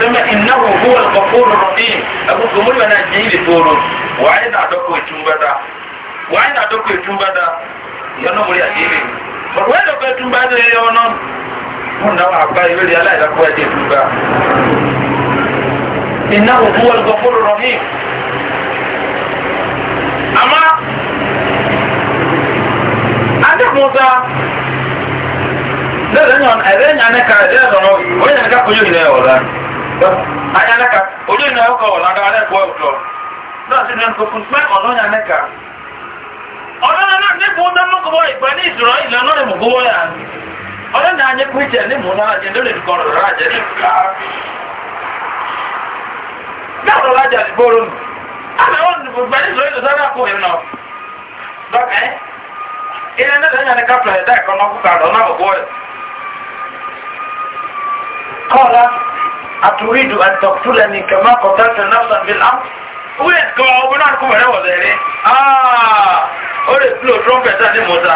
ثم إنه هو الغفور الرحيم أبو كمول من الجيل تورون وعين أدوكو يتنبدا وعين أدوكو يتنبدا ينمو لي أجيلي فالوين أدوكو يتنبدا يونون هنا وعبا يولي الله يلقوا يتنبدا إنه هو الغفور الرحيم أما أدوك موسى lẹ́yìn ọ̀nà ẹ̀rẹ́ ìyànnẹ́ka ẹ̀rẹ́ ìyànnẹ́ka kò yóò ilẹ̀ ọ̀la anya neka ojú ìnà ẹ̀kọ́ ọ̀làdà alẹ́gbọ́ ọ̀dọ́ náà sí lẹ́nu kòkún pé ọ̀lọ́nyà neka ọ̀lọ́nyà náà ní kò dá mọ́kọ̀wọ́ ìgbà ní ìṣòro ìlẹ̀ náà mọ̀ gbówó yà na ọ̀lọ́nyà anyé kú ìjẹ́ ní na náà jẹ́ lórí ìdúkọ̀ ọ̀rọ̀ rájẹ́ ní ìgbà ọ̀rọ̀ rájẹ́ àdìgbòrò nù àmì wọn ní gbogbo ní ìṣòro ìṣòro àkó yẹn náà dọ́kẹ́ neka أتريد أن تقتلني كما قتلت نفسا بالأمر wíyẹn kọ́ ọgbọ́n náà kúmọ̀ rẹ̀ wọ̀ lẹ́rẹ́ aaa ó lè fi lò trumpet àti mọ́ta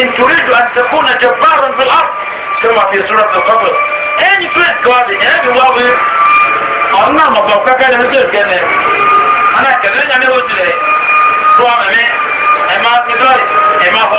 ìtúrídù àti tẹkùn àti bárùn fi lọ́pù tí wọ́n fi sọ́rọ̀ tó kọ́pọ̀ ẹni tó ẹ̀kọ́ àti ẹni bí wọ́n wí ọ̀n náà mọ̀ bọ̀ kẹ́kẹ́ ní tó ìgbẹ́ nẹ ọ̀nà ìkẹ́lẹ́ ní ẹni ó tilẹ̀ tó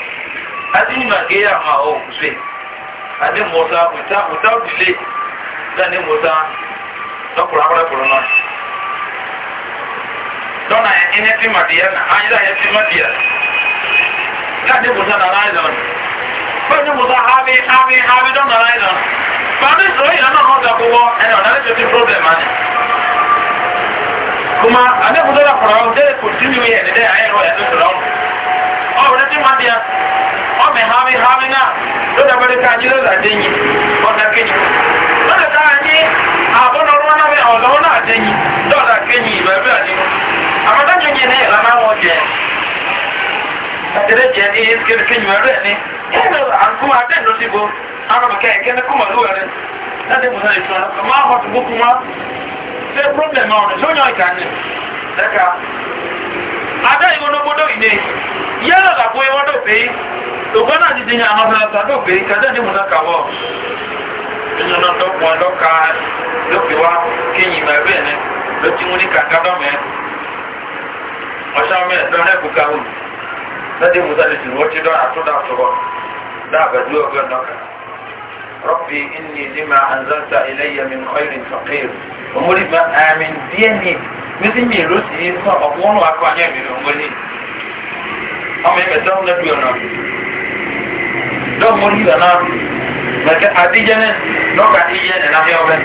adini mageya ma o kuse ade mota uta uta dile dani mota dokura kore porono dona ene ti madia na ayira ye ti madia dani mota na ayira bani mota habi habi habi dona ayira bani so ya na no da kuwo ene na le ti problem ani kuma ane mota na porono de continue ye de ayira ye no porono o ne ti madia ni hami hami na ló dàbẹ̀rẹ̀ ká ní lọ́dà dẹ́yìn ọ̀dà kejì lọ́dà ká ní àbọ̀nà ọ̀rọ̀ náà bẹ̀ ọ̀dà ọ̀nà àdẹ́yìn lọ́dà kejì ìbẹ̀rẹ̀ àdínú àmọ́tàjọ yẹn ní ìlànà wọn jẹ àtẹ̀lẹ́ jẹ ní kejì kejì mẹ́rẹ̀ ni ẹ̀rọ àǹkúmọ̀ àtẹ̀ndó síbo arábìkẹ́ ìkẹ́ni kúmọ̀ lúwẹ̀rẹ̀ láti mú sáré tún ọ máa hàn tó gbókun wá ṣé pọ́blẹ̀mù ọ̀rọ̀ tó yàn ìkà ni lẹ́ka adá ìwọ́n ló gbọ́dọ̀ ìdè yẹ́lọ̀ làbọ̀ ìwọ́dọ̀ pé ògbọ́n náà ti di ní àwọn ọmọdé tó gbé kẹjọ ní mú lọ́kà wọ́ nínú náà lọ́pọ̀ lọ́kà lókè wá kéyìn bá bẹ́ẹ̀ ni ló ti mú ní kàkà dọ́mẹ́ ọ̀ṣọ́ mẹ́ẹ̀ tó ní ẹ̀kúkà wù lọ́dẹ̀ mú sáré tìrú ọtí dọ́ àtúndà sọ̀rọ̀ dáàbẹ̀dú ọgbẹ́ lọ́kà rọ́bì ìní lima anzalta iléyà mi ọ̀yìn ìfọ̀kẹ́yìn òmùrí ma àmì díẹ̀ ní mẹ́sìn mi ìró sí ọ̀pọ̀ wà kọ́ àyẹ̀mí ọmọ ẹ̀mẹ́tọ́ ń lẹ́dùn ọ̀nà dɔw mo yi dana mɛ kɛ adidjɛ ne dɔw ka di yɛ ɛna hɛ ɔbɛ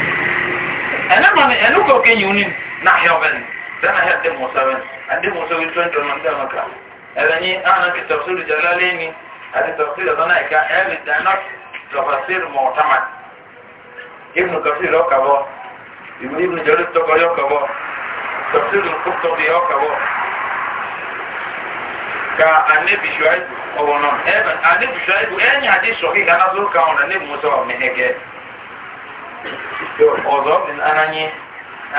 ɛnɛ ma ni ɛnu kɔ ke nyiwu ni na hɛ ɔbɛ ni dana hɛ de musa bɛ ade musa bi tɔn tɔn man dama ka ɛlɛ nyi ana ki tɔfsiri jala le ni ade tɔfsiri dana yi ka ɛli dana tɔfsiri mɔ tama ibnu kafir yɔ kabɔ ibnu jɔli tɔgɔ yɔ kabɔ tɔfsiri kutɔbi yɔ kabɔ ka anabi shuaibu ọwọ nọ ẹbẹ anibu shaibu ẹnyẹ adi sọkè gana tó kàn ọ̀nà anibu musa wà mẹhẹgẹ ọzọ ọbìn ananyi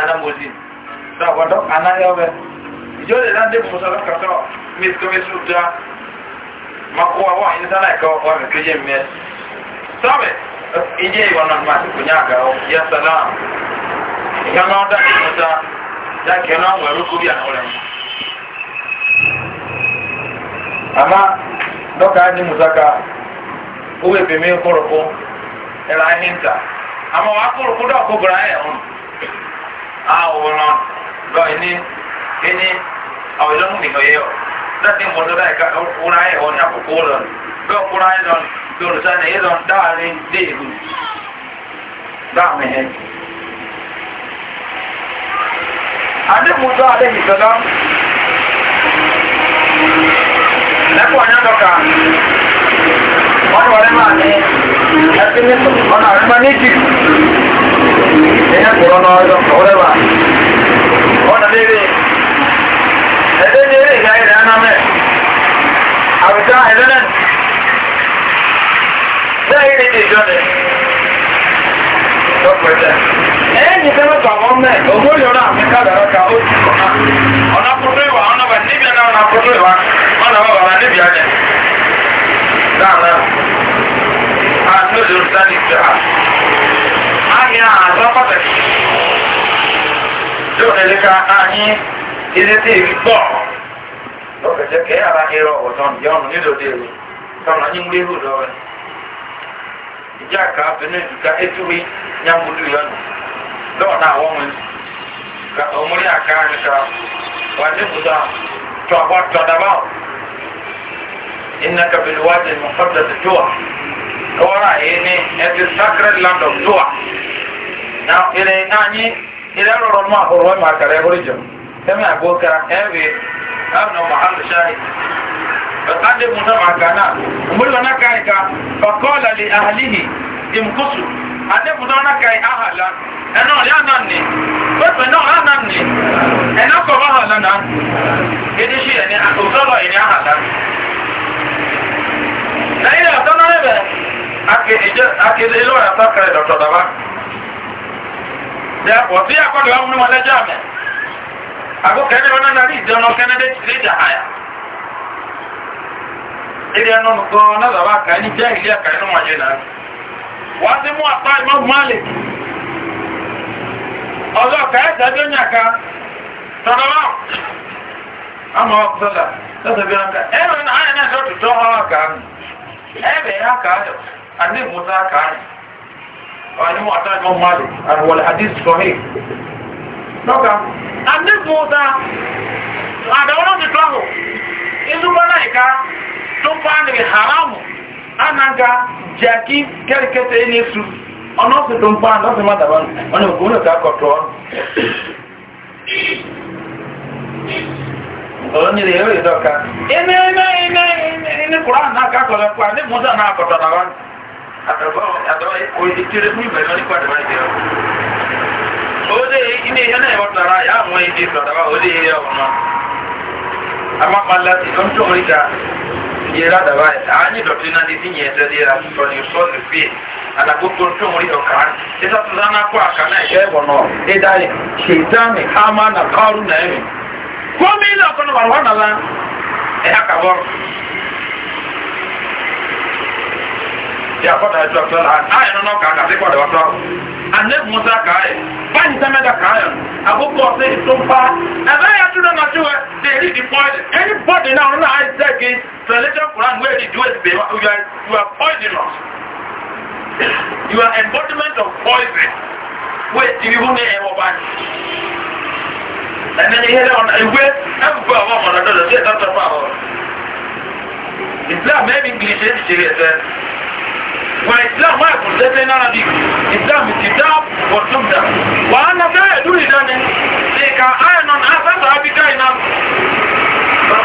anamozi náà wà dọ anaghị ọbẹ ìjọ lè dá anibu musa lọ kàtọ mẹsikọmẹsì ọdá makọ wa wọn ẹni sanà ẹka ọkọ ẹkẹ yẹ mẹ sọbẹ ìjẹ ìwọ náà má ti kùnyà àgà ọ yẹ sàlá ìyá náà dá anibu musa dá kẹ náà wọ ẹrú kúbi àná rẹ Ama dɔka ni musaka o bɛ bɛnbɛn kɔrɔfɔ ɛlɛ ahin ta ama wa kɔrɔfɔ dɔ ko bɔra ayɛ hɔn e a wɔlɔ dɔ ɛni ɛni awo yɛlɛ mu nìkan yɛ o dɔ ti mɔ dɔda yi ka wɔra ayɛ hɔn yako kó lɔn dɔw kóra ayɛ lɔn dɔw sa ne yɛ lɔn daani deegu daa mɛhɛ. ale musa ale yi sɛlɛm lẹ́kọ̀ọ́ yẹn tọ́ka wọ́n ní wọlé máa ní ẹbí ní ọ̀nà àríwá ní ìdìbò ẹ̀yẹ kọ̀ọ̀rọ̀ náà ọjọ́ ọ̀rẹ́ wa ọ̀nà léèrè ẹ̀dẹ́ ní eré ìyá ẹ̀rẹ́ anamẹ́ àwùjá ẹ̀dẹ́nẹ́ bẹ́ẹ̀ ìrìn ìjọ ni lọ́pọ̀ ẹ̀dẹ́ ẹ̀yẹ́ ọmọ ẹ̀ ògbó yọrọ àmì kádàrá ka ó ti sọ náà ọ̀nà kúrò ìwà ọ̀nà bá níbi ẹ̀ náà ọ̀nà kúrò ìwà ọ̀nà bá bàbá níbi ẹ̀ dáná àti òjò sani gbà àmì àzọ pàtàkì yóò lè ka àyí ilé tí èmi gbọ́ lọ́kẹ̀ jẹ́ kẹ́ ara ní ẹ̀rọ ọ̀tọ́n yọ̀nù nílò déèrè tọ́nà dɔw na wɔn mu ka wɔn yɛ aka ne ka wɔn ne kuta tɔba tɔdaba ina ka bili waati mɔkɔda ti tuwa kɔɔra yi ni ɛti sacred land of tuwa na ire na nyi ire lɔrɔ mu ahoro wɔn ma kare ɛhoro jɔ sɛmi agbo kara ɛbi ɛna muhammed shahi bɛtande mu na ma kana wɔn mu na ka yi ka fakɔɔla li ahalihi imkusu. adébùdó ọ̀nà kàì ahàlà ẹ̀nà ọ̀yá náà nì pépè náà a náà nì ẹ̀nà kọ̀ bá hàlà náà gidi sí ẹ̀ni òtọ́lọ̀ ẹ̀ni ahàlà. lẹ́yìn ọ̀tọ́ náà rẹ̀ bẹ̀ akéde ilé ọ̀yà tọ́ka ẹ̀ dọ̀tọ̀ dàbá. dẹ́pọ̀ sí akọ́dọ̀ ọ̀hún ni wọ́n lẹ́jọ́ àmì àgọ́kẹ́ni ọ̀nà náà rí ìdẹ́ọ̀nà kẹ́ ilé ẹnu nìkan náà bá kàá ní jẹ́ ilé ẹ̀ka inú wọn yé náà wọ́n ti mú àpá ìmọ̀ mọ́lẹ̀ ọjọ́ kẹ́ẹ̀tẹ́ tó nyàká tọ́lọ́wọ́ àmọ́ sọ́lá lọ́sọ̀ bí wọn ká ẹ̀rọ náà ayé náà sọ́tù tó hàn ká ní ẹ̀bẹ̀ yà ká yọ àní musa ká ní ọ̀ní mú àtà ìmọ̀ mọ́lẹ̀ àwọ̀lẹ̀ àdìs sọ́hìn lọ́kà àní musa àdàwọ̀n ti tọ́hù ìzúmọ́ náà ìka tó pa ní haramu anaga jaki kẹrìkẹtẹ ní su ọ̀nà ọ̀sẹ̀ tó ń pa ọ̀nà ọ̀sẹ̀ má dàbà ọ̀nà òkú ọ̀nà kàkọ̀ tọ́ ọ̀rọ̀ ní ìrẹ̀yẹ̀ òye dọ́ka ẹni ẹni ẹni ẹni kura náà kàkọ̀ lọ pa ní musa náà kọ̀tọ̀ náà àtàbọ̀ àtàbọ̀ òye tìrẹ fún ìbẹ̀rẹ̀ nípa àdàbà ìdíyà òde ilé iṣẹ́ náà ìwọ́n de yà àwọn ìdí ìtọ̀ àdàbà òde ilé ọ̀nà àmàpàlà ìtọ́ntò oríta yera da bai anyi dotti na didi nye ta dira to ni so ni fi ala ko to to muri o kan ita to na ko aka na ye bono e dai shitani ama na karu na e ko mi na ko na wa na la e aka bo ya kɔda ɛtu ɛtu ɛla ayɛ nɔnɔ kaa kasi kɔda ɔtɔ ane musa kaa yɛ bani sɛmɛ da kaa yɛ akoko ɔsi tumpa ɛbɛ yɛ tu dɔnɔ tu wɛ de eri di pɔi ɛni bɔdi na ɔno na ayi sɛ ke translation koran wɛ di du esi be you are you are poisonous you are embodiment of poison wɛ ti bi hu ne ɛwɔ ba ni ɛnɛ ni yɛlɛ ɔna ewe ɛfufu awɔ ɔna dɔdɔ ti yɛ tɔtɔ fa wɔ islam ɛbi ngilisi ɛdi tiri ɛsɛ. والإسلام ما يقول ده بين عربي إسلام الكتاب والسنة وأنا لا يدري ذلك لك أنا أساس أبي كاينا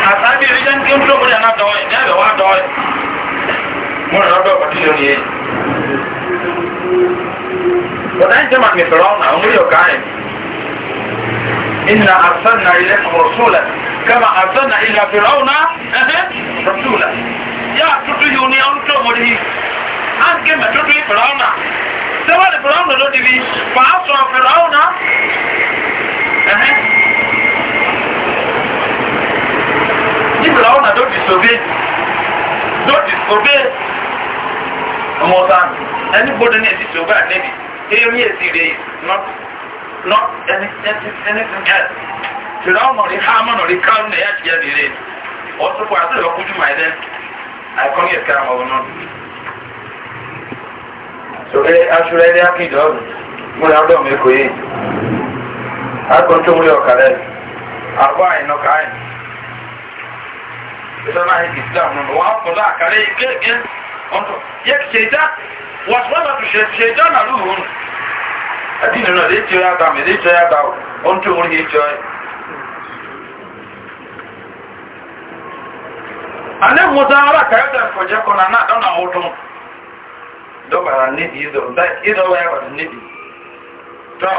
أسابي رجال كم تقول أنا دواي أنا دواي دواي mo rẹ ọdọ ọdún yóò ní èyí bọ̀dá ń jẹ́mà mi fẹ̀rọ ọ̀nà àwọn yóò káyẹ̀ inna arsalna ilaykum rasula kama arsalna ila fir'auna eh, eh, rasula ya tutu yuni an to modi ange mẹtutu fìràwùnà sẹwọ́n fìràwùnà ló dìbí fàásọ̀ fìràwùnà ẹ̀hẹ́ ní fìràwùnà ló disobey ló disobey ọmọ ọ̀sán ẹni gbọ́dọ̀ ní èsì disobey ànẹ́bí èyí ní èsì rẹ̀ not not anything anything else fìràwùnà rí hàmọ́nà rí kárùn náà yá jẹ́ rẹ̀ ọ̀sọ́pọ̀ àti ìlọ́kùnjú màá ẹ̀dẹ́ àìkọ́ni ẹ̀ka àwọn ọ̀nà sọ̀rọ̀ aṣọ́rọ̀ ẹ̀rí àkìdọ̀ múra ọdọ̀ mi kò yé agbọ́n tó múlẹ̀ ọ̀kàrẹ́ àbọ̀ àìnà káyìn ìsọ́nà ìsìlám nínú wọn kọ̀ lọ àkàrẹ́ ìgbẹ́gbẹ́ ọ̀tọ̀ yẹ kì ṣèjá wọ́n sọ́nà tó ṣèjá nà lóhùn ẹ̀dí nínú ẹ̀ léjọ́ yá bá mi léjọ́ yá bá ọ̀n tó múlẹ̀ ẹjọ́ yẹ. àlẹ́ mọ́tà arákàyọ̀dà ìfọ̀jẹ́kọ̀ọ́ nà náà dọ́nà ọ̀dún dɔbara nebi idɔn ta idɔn wɛrɛ wa nebi tɔ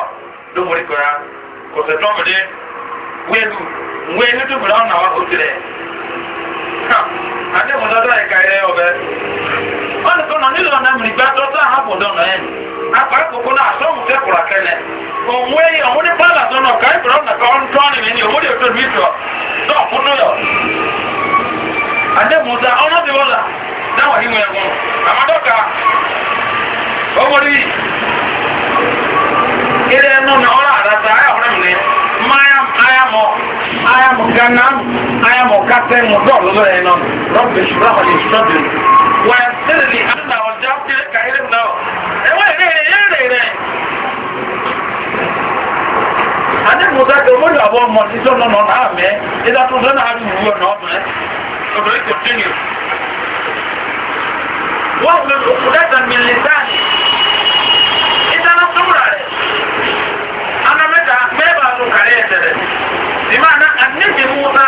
domori kora kɔsɛ tɔmɔdé wɛlu nwɛ nutu bila ɔna wa otu dɛ ha ade mo dɔdɔ yɛ ka yɛ ɔbɛ ɔni kɔnɔ nílò ɔna mìíràn gba tɔtɔ ahapò dɔnɔ yɛ akpa koko na asɔmu tɛ kura kɛnɛ ònwé yi ònwó ní pálá tɔnɔ káyí bila ɔna ká ɔn tɔni mi ni ònwó de otu mi tɔ tɔ kunu yɔ ade mo dɔ ɔnɔ ti wɔ la náà nínú ẹ̀wọ̀n àmàdọ́ta ọmọdé ilé ẹnu na ọ̀rọ̀ àdáta ayọ̀rẹ́ mi mayam ayamọ ayamọ ganam ayamọ kátẹ́ mu dọ́ọ̀lù lọ́yẹ̀ náà rọ́bì ṣùgbọ́n àwọn ìṣọ́bì wà sílẹ̀ àná ọjà kílẹ̀ kàílẹ̀ náà ẹ̀wọ̀n èrè èrè rẹ̀ àti musa kò mọ́ ìyàwó ọmọ títí ọ̀nà náà mẹ́ ìdá tuntun náà á rí ìwúwo náà mẹ́ ọ̀dọ̀ ìkò واحلل عقدة من لساني إذا نصورة أنا متى ما بعضو كاريه ترى بمعنى النبي موسى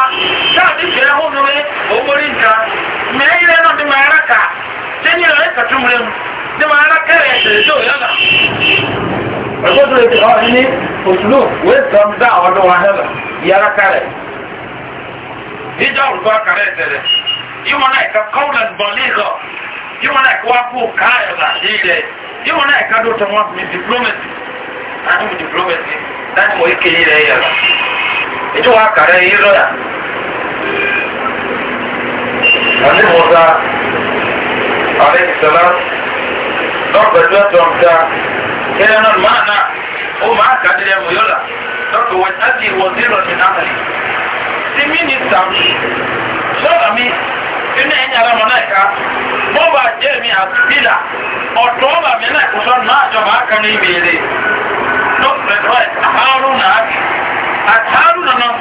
شعبي في هونوي وبرينجا ما إلى نبي معركة تاني لا يكتمرم دي معركة يتجو يلا Ọjọ́dún ètò ọ̀hìn ní òṣùlù wẹ́ẹ̀tọ́ ń dá ọdún wa hẹ́lẹ̀ yára kárẹ̀. Ìjọ òrùkọ́ kárẹ̀ tẹ̀lẹ̀. Yíwọ́n náà ìka kọ́ọ̀lẹ̀ bọ̀ ní ìzọ̀ yíwọ́n náà kó wá kó káyọ̀ là ní ilẹ̀ yíwọ́n náà ká dóòtà wọn mi diplomacy àti mi diplomacy láti mọ̀ ike yìí rẹ̀ yẹ̀ lọ. ètò wa kàrẹ́ yìí lọ́yà. àti mọ̀tà àlẹ́ ìsọ̀lá lọ́pẹ̀lú ẹ̀tọ́ ọ̀tá kẹ́lẹ́ náà máa náà ó máa kàdé ẹ̀mú yọ̀là lọ́pẹ̀ wọ́n ti wọ́n zero ní náà. ti mínísítà sọ́dọ̀ mi. kusan na jama'a kan yi mere don redwood a haruna ake a haruna nan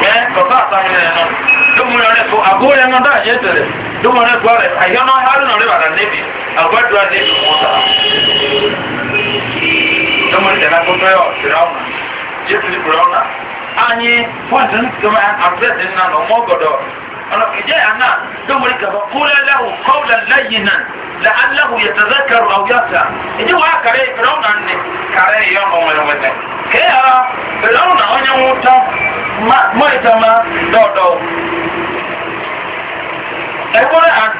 ya baba a sami ne nan dumu ya refu a gore nan da ya tere dumu ya gware a yi nan haruna rewa da nebi a gwaduwa nebi mota dumu da na kuma yau firauna jefi firauna anyị fọdụ nkama abụọ dị nna na ọgọdọ أنا إجاء أنا دمرك فقول له قولا لينا لعله يتذكر أو يسعى إجاء وعكري فرعون أني كري يوم ومروته كي أرى فرعون أن يموت ميتا ما دو دو أقول أن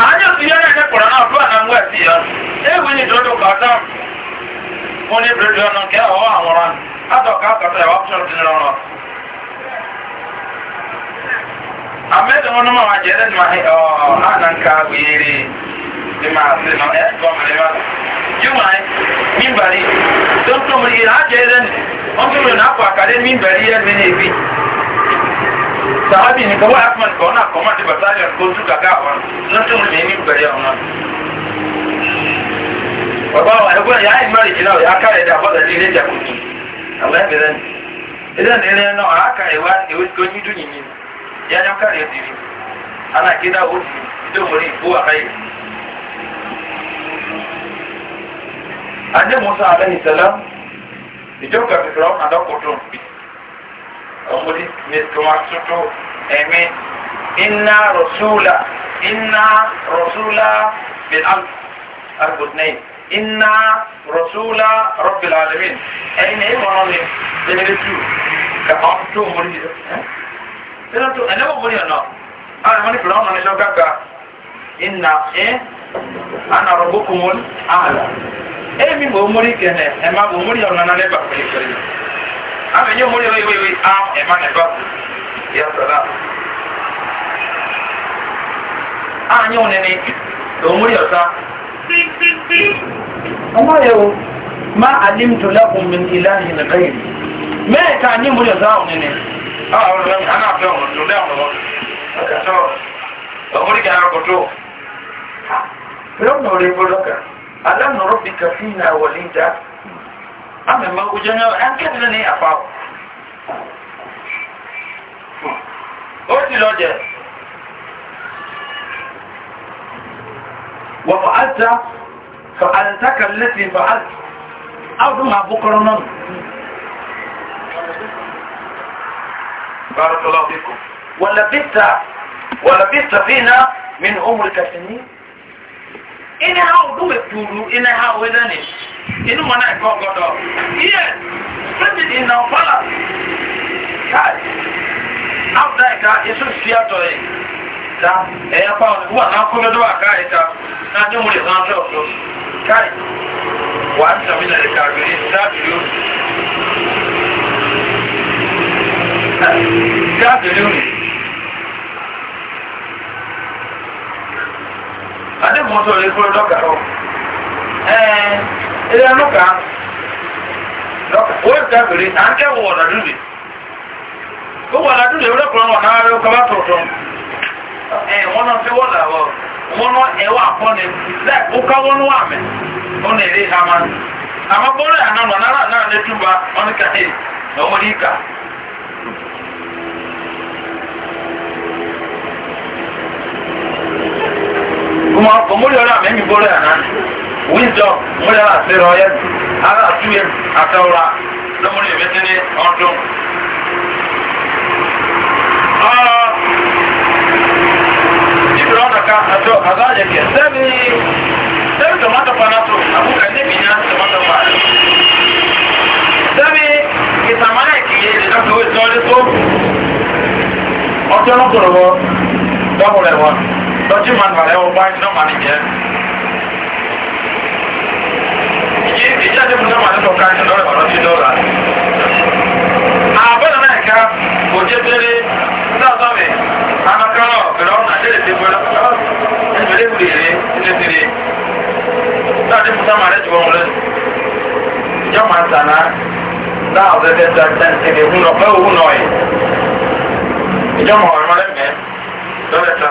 أنا سيانا كقرآن أقول أن وسيا إيه وين دو كاتا وني بريدو أنا كي أوه أمران أتوقع كاتا يوابشر دينارنا amẹ́ta wọn náà wà jẹ́ ẹ̀dẹ́nu ahẹ́ ọ̀ àná nǹka wéèrè ẹ̀ máa ṣe náà ẹ̀ tó ọmọdé máa jùmọ̀ ẹ̀ mímbàrí tó ń tó mọ̀ yìí láti ẹ̀dẹ́nu wọ́n tó mọ̀ náà kọ́ àkàdé mímbàrí ẹ̀ mi níbi. sahabi ni kawai akman ka wani akwaman da bataliyar ko su gaga a wani nan tun mai min gari a wani baba wa yagbon ya yi mara kina ya kare da bada ne ne jakutu allah ya bi zan idan ne ne na aka ewa ewa ya nyɔ kari ɛdiri ana kida otu idomori ibu akayi ade musa alayhi salam ìjọ kàfífìlà ọkàn dọkọtò ọmọdé mẹtọmọ tuntun ẹmí iná rọsúlà iná rọsúlà al arúgbótìnẹyìn iná rọsúlà rọbìlà alẹmí ẹyin ẹyin mọ ọmọ mi lẹni lẹtù kà ọmọdé ọmọdé yìí sẹ́nà tó ẹ̀ lẹ́wọ̀n wọlé ọ̀nà àwọn ẹ̀mọ́ ní fìlà ọ̀nà níṣọ́ gàgà ìnà ẹ̀ ànà ọ̀rọ̀ gbókùn wọn àmàlà èmi mò ń mórí kẹ̀nẹ̀ ẹ̀ má mò ń mórí ọ̀nà náà lẹ́bà pẹ̀lú pẹ̀lú àmì yóò mórí wíwí wí á ẹ̀ má nẹ̀bà yà sọ̀rọ̀ àmì yóò nẹni lò ń mórí ọ̀sá. ọmọ yẹn o má alimtu lakum min ilahin ghayri mẹ́ẹ̀ka ní mórí ọ̀sá ọ̀ nẹni ọ̀rọ̀ lẹ́yìn anáfẹ́ ọ̀rọ̀ tó lẹ́yìn ọ̀rọ̀ ọ̀kà tó ọmọdé kí ara kòtó lọ́nà orí bọ́lọ́kà aláàmọ̀rọ̀ bí kàfí na wọlé dá àmẹ́mọ́ ojú ní ẹnkẹ́bìnrin ní àpá ó بارك الله فيكم ولبثت ولبثت فينا من عمرك سنين إن هاو دو تولو إن هاو إذن إن منا يكون قدر yes spread it in our palace God after that God is so scared to it ta ẹ̀yà pa ọ̀nà wà náà kọ́mẹ́dọ́ wà ká ẹ̀ta náà ní múlẹ̀ náà tẹ́ ọ̀tọ́ káì wà á ń sàmìnà ẹ̀ka àgbẹ̀rẹ̀ ìsáàbì lónìí Good afternoon. Adé mú sọ̀rọ̀ ikú lọ́kà lọ. Ẹ̀ẹ́ ilé lọ́kà lọ́kà ó ń dábìrì à ń kẹ́wọ̀ ọ̀nà dúdú. Ó wà ládùn lè rẹ́ kúrọ̀ wọn náà rẹ́ kọ́ bá tọ̀tọ̀. Ẹ̀ wọ́n náà fi wọ́n là kuma omori ọrọ àmì ẹmí bọrọ yàrá wisdom omori ọrọ àṣírí ọyẹ ara àtúwẹ àtẹwura lọmọdé ìbẹsẹ ní ọdún. ibi ọ̀nà ká àjọ àzáyẹ kẹ sẹ́ni sẹ́ni tomato panato àbúkà níbi ní àti tomato panato sẹ́ni ìtàmáyà kìí ẹ̀dẹ̀ dọ́kítà wíṣọ́ ọdún tó ọjọ́ lọ́kùnrin wọn dọ́kùnrin wọn dɔtí ma nùbàlẹ̀ wọ báyìí náà ma nìyẹn. ìyí ìyí àti musa ma nínú ká ní lọ́rẹ̀ ọ̀rọ̀ tí lọ́ra. àbẹ̀rẹ̀ náà ká kò jẹ́ péré sáàtọ̀ mi anakọ́rọ̀ pẹ̀lú ọ̀nà àti èdè pẹ̀lú ẹgbẹ̀rẹ̀ kùdìrì ilé tìrì. sáàtì musa ma rẹ̀ jù wọn lẹ́nu. ìjọ ma sànà dáhùn tẹ́tẹ́ tẹ́tẹ́ tẹ́tẹ́ hùn náà pẹ́ òhun náà yìí. ìjọ ma wà lọ́rẹ̀ mẹ́ lọ́rẹ̀ tẹ́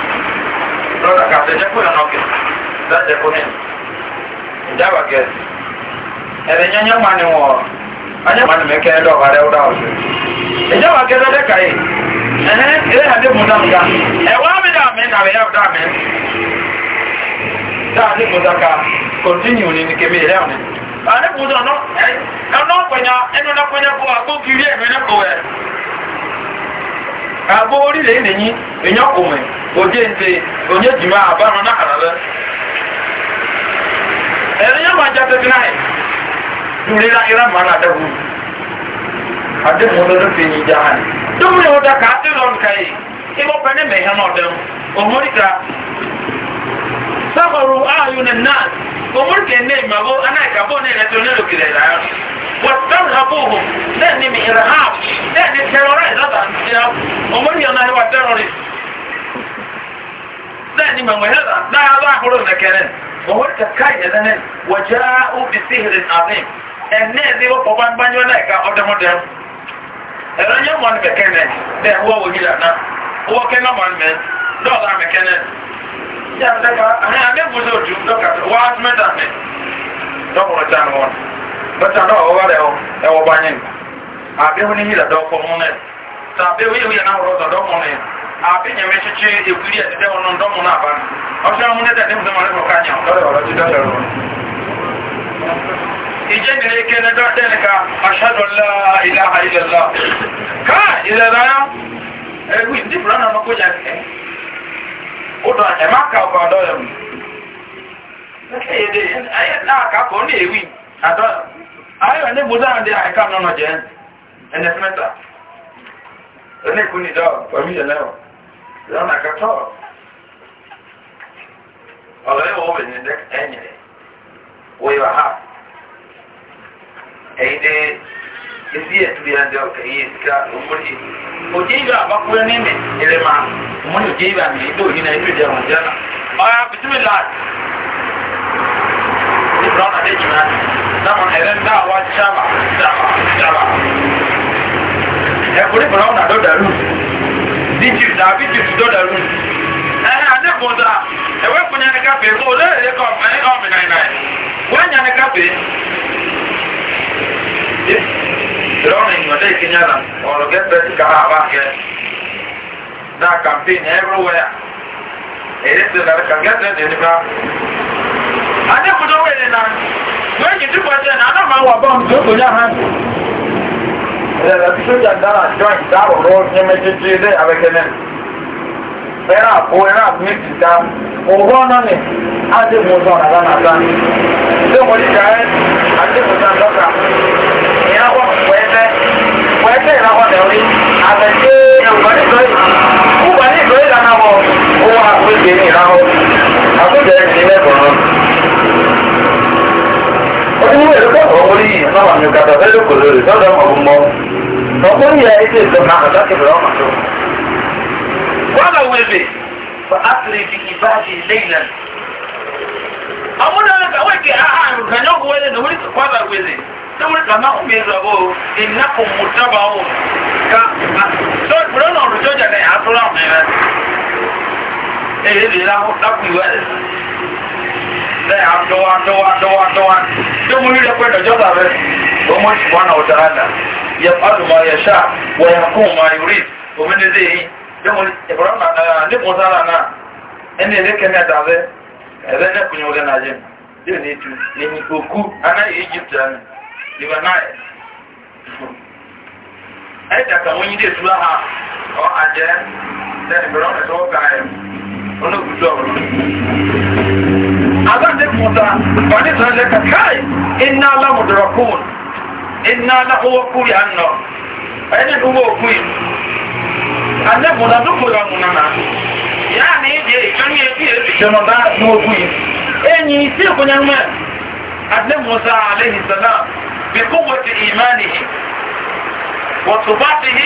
lọ́dà kàtẹ́ jẹ́ kóyọ̀ nọ́ọ̀kì láti ẹ̀kọ́ ní ìjábà gẹ̀ẹ́sì ẹ̀rẹ̀ nyẹ́nyẹ́ máa ni wọ̀ anyẹ́ máa ni mẹ́kẹ́ ẹ̀dọ̀ ọ̀bàdẹ́ ọ̀dà ọ̀sẹ̀ ìjábà gẹ̀ẹ́sì dẹ́ka yìí ẹ̀hẹ́ ilé hàdé mu dá mi ká ẹ̀wọ́ mi dá mi nà mi yá dá mi dá mi mu dá ká kọ̀ntínú ni ni kèmí ìrẹ́ ọ̀nẹ́ àdé mu dá ọ̀nà ọ̀nà ọ̀pẹ̀nyà ẹnu abo orílẹ̀ èdè yín èèyàn kò mọ̀ òjé ǹde ònyéjìmọ̀ àbánu náà rẹ̀ ẹ̀rí yẹn máa jẹ́ tẹ́tí náà lórí ìlànà máa nà dẹ́kun àdéhùn lọ́dún fi yin já hàn. dómìnà ọ̀dà kà á ti lọ́nù káyé ìwọ́pẹ́ ní mẹ̀hẹ́ náà dẹ́hùn òmùríkà sọ́kọ̀rọ̀ ààyùn náà òmùrùkè ní ìmàbó anáìkàbó ní ìrẹsì onílùkìlẹ̀ ìlàyà wọ́n tẹ́lẹ̀ àbúhù náà ní ìrẹ̀hàm náà ní tẹ́rọ̀rẹ́ ìlọ́dà ìyá òmùrùkè náà wà tẹ́rọ̀rẹ́ náà ní mẹ̀mọ̀ ìlọ́dà náà bá àkúrò nìkẹrẹ òmùrùkè káyẹ̀ nínú wọ̀já òbí síhìrì àbín ẹ̀ní ẹ̀dí wọ́n pọ̀ gbányọ́ náà ìka ọdẹmọdẹm ẹ̀rọ nyẹ́ mọ́ ní mẹ̀kẹ́nẹ̀ dẹ̀ wọ́n wọ̀ yìí lànà owó kẹ́ náà mọ́ ní mẹ́ dọ́ọ̀lá mẹ̀kẹ́nẹ̀ tí a ń dẹ́ka ẹ̀hìn a ń wọ́n bẹ́tà náà ọwọ́ rẹ̀ ẹwọ́ bá yẹn àbẹ̀wò ní yìlẹ̀ dọ́kọ̀ mú nẹ̀ tà àbẹ̀wò yìí yẹn náà rọ̀ dọ́kùnrin àbẹ̀yẹ̀ mi ṣíṣe ìwúrí ẹ̀ tẹ́tẹ́ wọn dọ́mù náà bá ní ọṣẹ́ wọn múlẹ̀ tẹ̀lé ìfúnná mọ̀lẹ́kọ̀ọ́ káyà ọ̀dọ́rẹ̀ ọ̀rọ̀ ti dọ́rẹ̀ rọ̀ ìjẹ́ ìrẹ́ ike lẹ́dọ́ dẹ́nìká aṣádọ́lá ìlàhà ilẹ̀ lọ káà ìlẹ̀ lọ́yá ẹgbẹ́ ìdí ụtọ emeaka aka ọbọdọ ya m n'aka ka ọ na-ewi adọ ayọ na ahụ dị anyị ka nọ nọ jee enyefemeta onye-ekwu-nidọ pẹ̀lú-ìyẹlẹ́wọ̀ lọ na katọ ọ̀rọ̀ ẹ̀wọ̀ ọ̀bẹ̀ ní ẹ̀nyẹ̀rẹ̀ wọ́yọ̀ ha esi n'ime mun je ba me do ni na ni da jana aya bismillah ni brown ade ni na da mun eren da wa chama chama chama e ko ni brown na do da ru di ji da bi ji do da eh ade ko da e we kunya e e e ni ka be ko le le ko me o mi nai nai wa nya ni ka be Drone ni mo dai kinyala, oro get bet kara ba ke that campaign everywhere. It is the that can get them in the ground. I think we don't really know. When you do what then, I don't know what bomb to do your hand. The soldier that are joined that will roll him into the day of a cannon. There are four and a half minutes down. Oh, one on it. I did move on and then I done. Somebody died. I did move on and then I done ẹgbẹ́ ìrànwọ́dẹ̀ orí àtẹ̀jẹ́ ẹ̀wùgbọ́n nítorí kúgbà nítorí lànà wọ owó àgbègbè ní ìrànwọ́ àgbègbè ní mẹ́kọ̀ọ́ saboda kama o mai zabo inna kun mutaba o ka so bro na rujo jana ya tura mai ba eh le eh, eh, la ho ta ku wa da ya do wa do wa do wa do wa do mu ni da ko da jaba be ko mu subhanahu wa ta'ala ya fadu ma ya sha wa yaqum ma yurid ko mun zai do mu ibrahim e, na e, ne mo sala na ene ne kene da be ebe ne kunyo le na je ni tu ni oku ana egypt ana they were nice. Ẹ̀ka kan wọ́n yí dé ìtura ha ọ àjẹ́ ẹ̀rọ ìbẹ̀rẹ̀ ọ̀nà tó ga ẹ̀ ọ̀nà òkúta ọ̀rọ̀. Adáǹdé kùtà wọ́n ní sọ̀rọ̀ lẹ́ka káì iná alámùdọ̀rọ̀ kùn iná aláwọ̀ kù yà ń nọ. Ẹni ní owó òkú yìí. Àdé kùtà tó kù lọ nùnà nà. Yáà ní ìdí ìjọ ní ebi èlù ìjọba bá ní òkú yìí. Ẹ̀yìn ìsí ìkúnyẹ́mẹ́ Adé Musa alayhi salam. بقوة إيمانه وثباته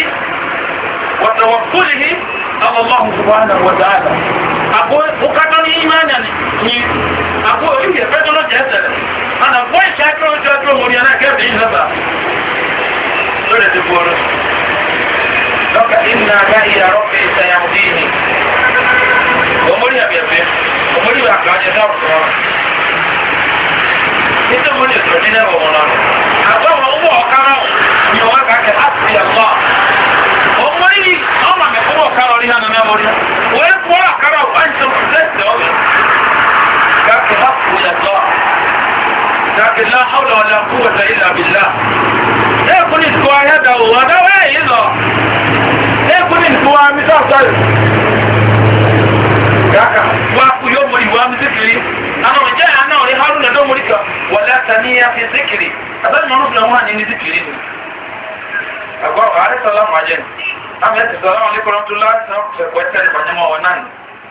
وتوكله على الله سبحانه وتعالى أقول وكتن إيمانا أقول إيه فجل جهزل أنا أقول شاكرا شاكرا مريانا كيف إيه هذا سورة البورس لك إنا كأي ربي سيهديني ومريا بيبي ومريا كأي ربي ètò mo lè sọ nílẹ̀ wọn lọ. àbọ̀ wọn wọ ọ̀kárá ni wọn kà kẹ́ àti ẹ̀fọ́. ọmọ yìí ọmọ mi kúrò ọ̀kárá orí hàn mẹ́wọ́ rí. wọ́n kú ọ̀kárá ọ̀páǹtì lẹ́sẹ̀ ọ̀bẹ. kàkẹ́ àti ẹ̀fọ́. kàkẹ́ lá kaka waku yo muri wa mzikiri ana waje ana ori haruna do muri ka wala taniya fi zikiri adan manu na wa ni zikiri ni agwa ala salamu ajen ama ya salamu alaikum warahmatullahi wabarakatuh kwa tare kwa nyama wa nani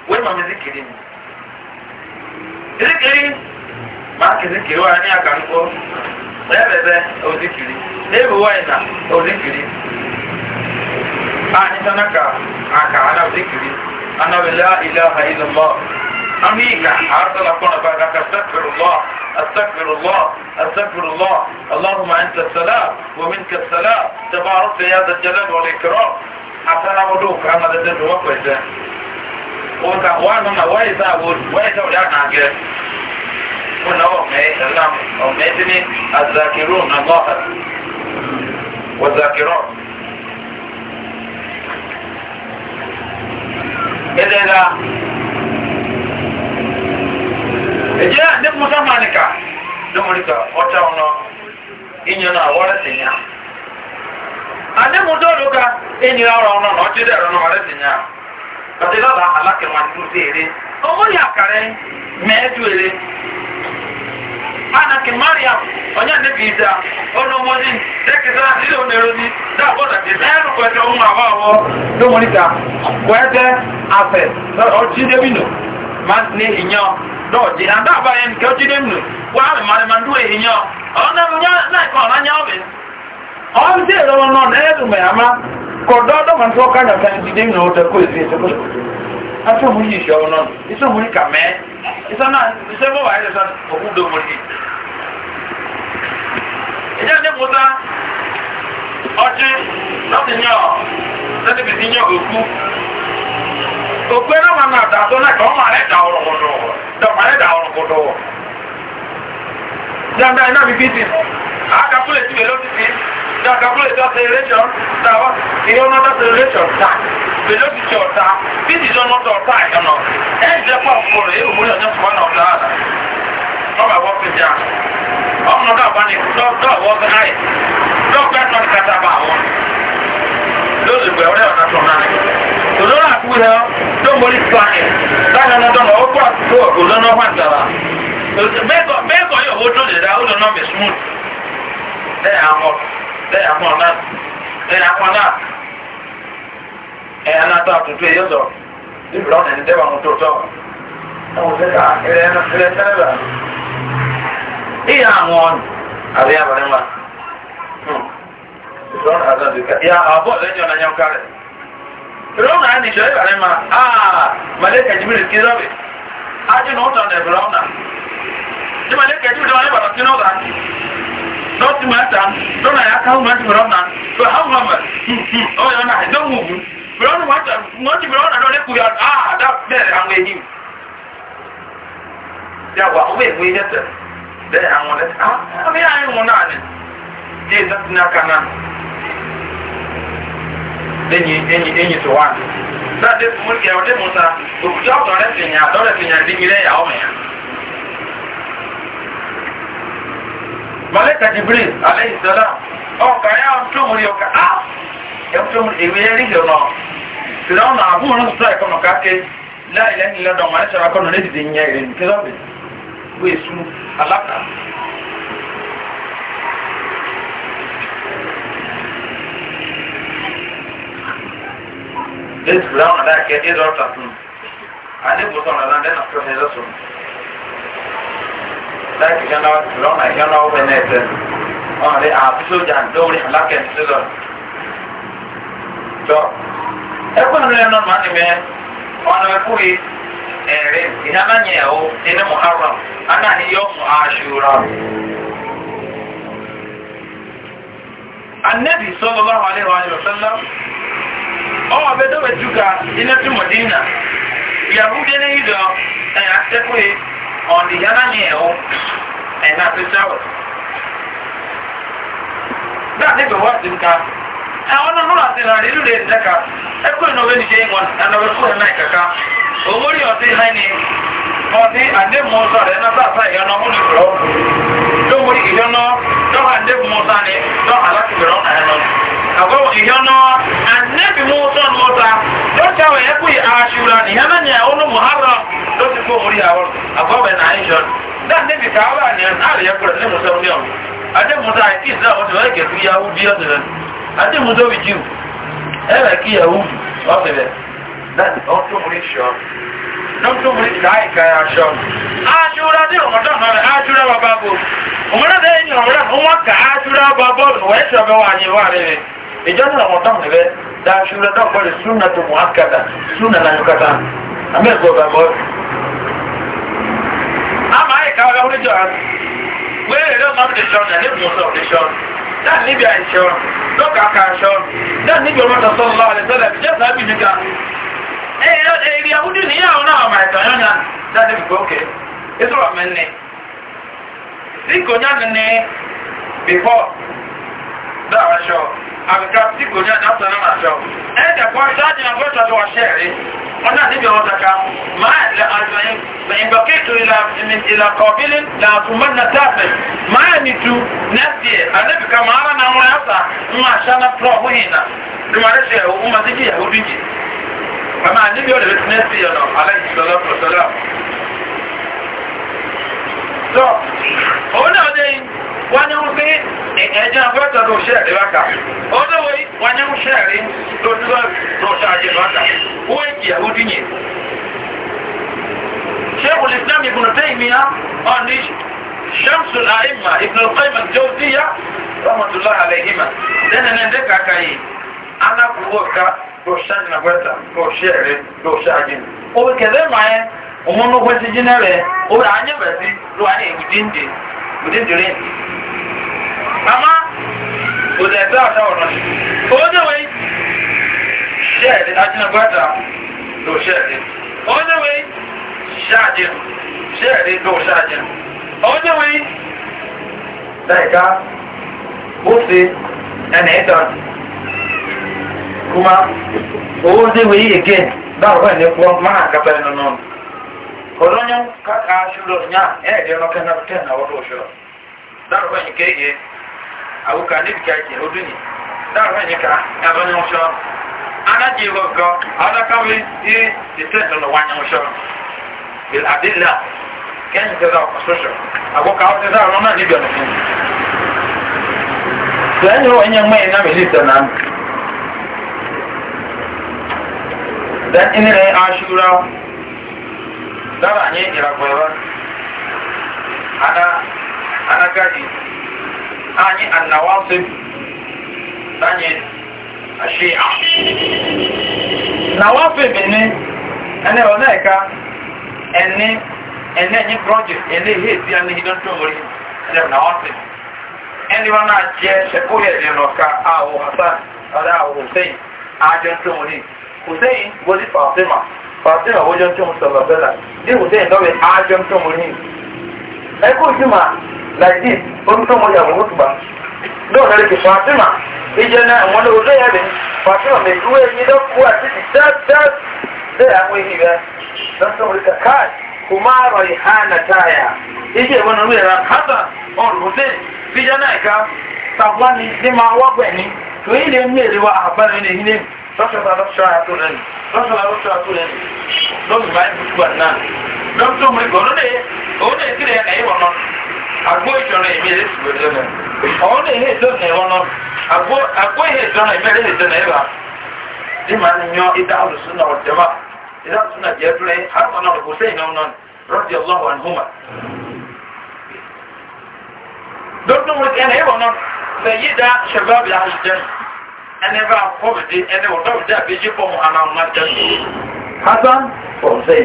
wewe ma mzikiri ni zikiri ma ke zikiri wa ni akanko bẹ́ẹ̀bẹ́ẹ́ òzìkiri léèbù wáìnà òzìkiri àníṣánaka àkà àná òzìkiri أنا لا إله إلا الله أميك عرض أكون بعدك أستغفر الله أستغفر الله أستغفر الله اللهم أنت السلام ومنك السلام تبارك يا ذا الجلال والإكرام حتى نعبدوك أنا ذا الجلال وكويسة وأنا أنا ويسا أقول ويسا ويانا عجل قلنا هو سلام أمتني الذاكرون الله والذاكرات ẹ̀dẹ̀dà ẹ̀jẹ̀ ní musa manika ní mọ̀lìkà ọ̀tá ọ̀nà ìyẹn náà wọ́rẹ́ sí yá àní musa olùkà ẹ̀yìn ọ̀rọ̀ ọ̀nà náà ọ̀jẹ̀ dẹ̀rọ̀ náà wọ́rẹ́ sí yá àti lọ́la alákẹ̀wọ̀n àti lùsẹ̀ èrè ọmọ yà kàrẹ́ mẹ́ẹ̀dù èrè anaki mariam onye nnebi isa ọnụ mọzi dekịtara ndị onerozi dabọda dị n'elu kwete ụmụ awọ awọ domonita kwete afe ọchidebino ma n'ihinyọ dọọji na ndabaghị nke ọchidebino kwa amị mara ma ndị ehinyọ ọnụ nye naịkọ n'anya ọbị ọnụ dị ero nọ n'elu kanya kọdọ dọmantụ ọka nyọta ndị dị n'ọtọ kwezi esekwe ato mu yi hyɛ ɔno nso mu yi kamɛ nso na nso bɔ wayɛ sɛ ɔmu do mu ni ɛgya ne mu sa ɔgye n'ɔte nyɛ ɔ bi ti nyɛ oku oku ɛna ma na da so na ka ɔma ayɛ da ɔrɔ ɔma ayɛ da ɔrɔ dáadáa iná mi bídìn àkàkúlẹ̀ tí mi ló ti fi àkàkúlẹ̀ tí wọ́n ṣe relation dáwọ́ ìyẹn wọn náà ṣe relation dá mi ló ti ṣe ọ̀tá bídìn ló náà ṣe ọ̀tá ìyọ̀nà ẹ̀ ń jẹ́ pọ̀ fún rẹ̀ èèwù múlẹ̀ ọ̀jọ́ ṣùgbọ́n náà ọ̀tá àdá lọ́wọ́ àwọn fi já ọmọ náà bá ní dọ́ọ̀wọ́ gáì dọ́ọ̀gbẹ́ náà ti kàtà bá àwọn lórí ìgbẹ́ ọ̀rẹ́ ọ̀nà tó náà ní òdòdó àkúrẹ́ dọ́ọ̀mọ́lì planning láyọ̀ náà dọ́ọ̀nà ó pọ̀ àtúntò òdòdó náà wà ń dára mẹ́kọ̀ọ́ yóò hojú lè ra ó lọ nọ́ọ̀mì smooth lẹ́yìn àmọ́ lẹ́yìn àmọ́ náà lẹ́yìn àmọ́ náà ẹ̀yà náà tó àtúntò èyí sọ ìbúra ọ̀nà ẹ̀ńdẹ́ wà mọ́tò tọ́ ìyá àwọn ọ̀nà àbí àbálẹ́ wa ìbúra ọ̀nà hmm. àtúntò ìyá àbọ̀ lẹ́yìn ọ̀nà yẹn kárẹ̀ ìbúra ọ̀nà àníṣọ́ ìbálẹ́ wa ah màlẹ́kà jìbìrì kí lọ́ọ̀bì ajé ní ọ̀tọ̀ ọ̀dẹ̀ ìbẹ̀rẹ̀ ọ̀nà tí ma lé kẹjú ìdí wọn ìbàdàn sínú ọ̀gá lọ́tí máa ta lọ́nà ya ká ọmọ ti bẹ̀rẹ̀ ọ̀nà tó ha ọmọ mẹ ọ̀yọ̀ ọ̀nà ẹ̀dọ́ wù wù bẹ̀rẹ̀ ọ̀nà wọ́n ti bẹ̀rẹ̀ ọ̀nà lọ́lẹ́ kù yà á dá bẹ́ẹ̀ àwọn èyí yà wà ọmọ èkó yẹ tẹ bẹ́ẹ̀ àwọn ẹ̀ enyi enyi enyi to wa na de mo ke o de mo sa o ku jo do re tinya do re tinya di mi re ya o me ya malaika jibril alayhi salam o ka ya o to mo ri o ka ah e o to mo e we ri lo no sira na abu no strike no ka ke la ilaha illa allah ma sha ra ko no ne di nya ire ni ke this brown that get it out of him. And it was on the land after his own. Like you cannot brown, I cannot open it. On oh, the episode and don't lack it. So, everyone ran on money man. On the way, ẹ̀rẹ́ ìdáná yẹn o nínú muharram aná ni yóò mú aṣọra. anabi sọ́lọ́lá wa lè wá yọ̀ ọwọ́ abẹ́dọ́wẹ̀ túkà ilẹ̀ tí mọ̀dínà yahudi ní ìdọ̀ ẹ̀ àtẹ́kùn yìí ọ̀nì yàrá ni ẹ̀họ́ ẹ̀ náà ti sáwọ̀. náà níbẹ̀ wá sí nǹkan àwọn náà lọ́la ti rà nílùú rẹ̀ nìkan ẹ̀kọ́ ìnáwó ní ṣe wọn ànáwó fún ẹ̀ náà kàkà òmórí ọ̀sìn náà ni ọ̀sìn àdébùmọ̀sá rẹ̀ náà sáà sáà ìyọ̀nà ọ̀hún ìgbọ̀rọ̀ lómórí ìyọ̀nà dọ́wọ́ àdébùmọ̀sá ni dọ́wọ́ alákìbẹ̀rọ̀ náà ẹ̀ nọ. àgọ́ ìyọ́nà ànẹ́bí mú sọ́nù mọ́ta lọ́jà wẹ̀ ẹ́kú àṣùrà nìyẹn mẹ́ni ẹ̀ ló ti kó mórí àwọn àgọ́ wẹ̀ náà ìṣọ́ náà níbi káwá ni àrẹ̀ yẹn kúrẹ̀ ní musa ní ọ̀hún adé musa àti ìsìlá wọn ti rẹ̀ ìjọba ramadan ni bẹ daṣura náà kọ́ni súnà tó mú akada súnà náà yọkata àmì ẹ̀gbọ́n bàbá ọ̀rọ̀. àmà ayé káwọn ọ̀rọ̀ jọ àná wẹ́rẹ́ rẹ̀ máa ń dẹ̀ṣọ́ náà ní ìmúṣọ dẹ̀ṣọ́ náà níbi àìṣọ́ lọ́kà àkàṣọ́ náà níbi ọmọ tọ̀sọ́ lọ́wọ́ àlẹ́sọ́lẹ̀ ìjẹ́ sábì níka. èrè àwùjọ níyàwó náà àmà ìtàn yọ̀ náà dáadé bìbọ́ kẹ́ ẹ sọ̀rọ̀ mẹ́ni. sí kò nyá nínú bìbọ́ dáhùn aṣọ àgbẹ̀ká tí kò ní àdáta náà máa sọ ẹ̀ẹ́dẹ̀kọ́ ìsáàjì náà fẹ́ tọ́jú ọṣẹ́ rí ọ̀nà níbi ọ̀rọ̀ taka máa lẹ àjọyìn bẹ̀yìnbọ̀kẹ́tò ìlàkọ̀bílì làtùmọ̀ náà tààfẹ̀ máa ní tu nẹ́ẹ̀sì ẹ̀ àdébìkà máa rán náà wọ́n yàtà ń máa ṣáná pọ̀ ọ̀hún náà ní wọ́n rẹ̀ ṣe ọ̀hún máa díjì ìyàwó díjì ọ̀nà níbi ọ̀rọ̀ rẹ̀ nẹ́ẹ̀sì ọ̀nà alẹ́ So, òun náà dé wọ́n ní wọ́n pé ẹjẹ́ afẹ́ta ló ṣẹ́ẹ̀rí láta ọdọ́wọ́ wọn yẹn ń ṣẹ́ẹ̀rí tó ti lọ lọ ṣáàjẹ́ láta ó èjì àwọ́dí yẹn ṣéèkù lè sẹ́mi ìbùnú tẹ́yìn mi á ọ ní ṣẹ́mṣù àìmà ìbùnú kọ́ìmà tó dí yá rọ́mọ̀tòlá àlẹ́ ìhìmà lẹ́nìí ní kàkà yìí alákòwò ká lọ ṣáàjì náà fẹ́ta lọ ṣẹ́ẹ̀rí lọ ṣáàjì òwe kẹ̀lẹ́ màá yẹn òun ló fẹ́ ti jí náà rẹ̀ òwe àyẹ̀bẹ̀ sí lọ́wọ́ àyẹ̀wò díndín ama òdì ẹ̀dá àtà ọ̀nà sí oníwèé ṣẹ́ẹ̀dì ajínàgbàdà ló ṣẹ́ẹ̀dì oníwèé ṣáàjìn ṣẹ́ẹ̀dì ló ṣáàjìn oníwèé dáìka ó ṣe ẹnì ìtàn kuma owó oníwèé again báwo bá ní kúrọ́ máa kápẹ́ nínú ọ̀rọ̀ yẹn káka ṣúlọ̀ yẹn ẹ̀ẹ́dì ọ̀nà kẹ́ńtà kẹ́ńtà ọ̀rọ̀ ṣọ́ dáàbò ẹ̀yìn kéèyè awuka ne bika jẹ o dunyi náà wọn yìí ká ẹbí ni wọn sọ anájì ìwọ gọ adaka wi yí tètè nínú wọn yìí wọn sọ bìlà àdìlà kẹ́yìn tẹ̀lé ọkọ̀ sọ̀sọ̀ àwòká ọ̀tẹ̀ sáà wọn náà níbi ọ̀nà fún mi. sẹ́yìn wọn yẹn mọ́ iná mi ní ìtàn náà. dan ini ne ashura dara ne ira gwa ana ana gadi ani annawasif ani ashia nawasif ni ẹni ọ̀nà ẹ̀ka ẹni ẹni ẹni project ẹni ihe èsì ẹni hidden tomori ẹni nawasif ẹni wọn náà jẹ ṣẹkúrẹ ẹni lọka àwọ hasan ọdá àwọ hussein àjọ tomori hussein gbọdí fatima fatima wọjọ tomori sọlọ bẹlá ní hussein lọwẹ àjọ tomori ẹkọ ìjùmọ like this orúkọ mọ̀ yàwó òtùbà dóòlù rẹ̀ kì fàtímà ìjẹ náà àwọn ọmọdé olóyè ẹ̀rẹ̀ fàtímà mẹ́tú ẹ̀yìn lọ́kù àti dáadáa bẹ́ẹ̀ àwọn èyí rẹ̀ lọ́sọ̀ orí kàkáì kò máa rọ̀ ìhánà táyà ìjẹ ìwọ̀n orí ẹ̀rọ kátà ọ̀rùnlé ìjẹ náà ká sàbúlání ní máa wọ́gbẹ̀ ní tó ilé ń mèrè wa àbára ẹni ilé lọ́sọ̀lá lọ́sọ̀lá tó rẹ̀ lọ́sọ̀lá lọ́sọ̀lá tó rẹ̀ agbo ìjọra èmi ẹ̀ sì wẹ̀rẹ̀ lẹ́nu ọ̀hún ní ihe ìjọ náà ẹ̀wọ̀n náà agbo ihe ìjọ náà èmi ẹ̀ ìjọ náà ẹ̀wà ní màá ní yan ìdá àlùsù náà ọ̀jẹ̀ wà ìdá àlùsù náà jẹ́ ẹ̀dúrẹ́ àtọ̀ náà kò sẹ́yìn náà náà rọ́dì ọlọ́wọ́ àníhùmà. dọ́dún wọn ẹ̀nà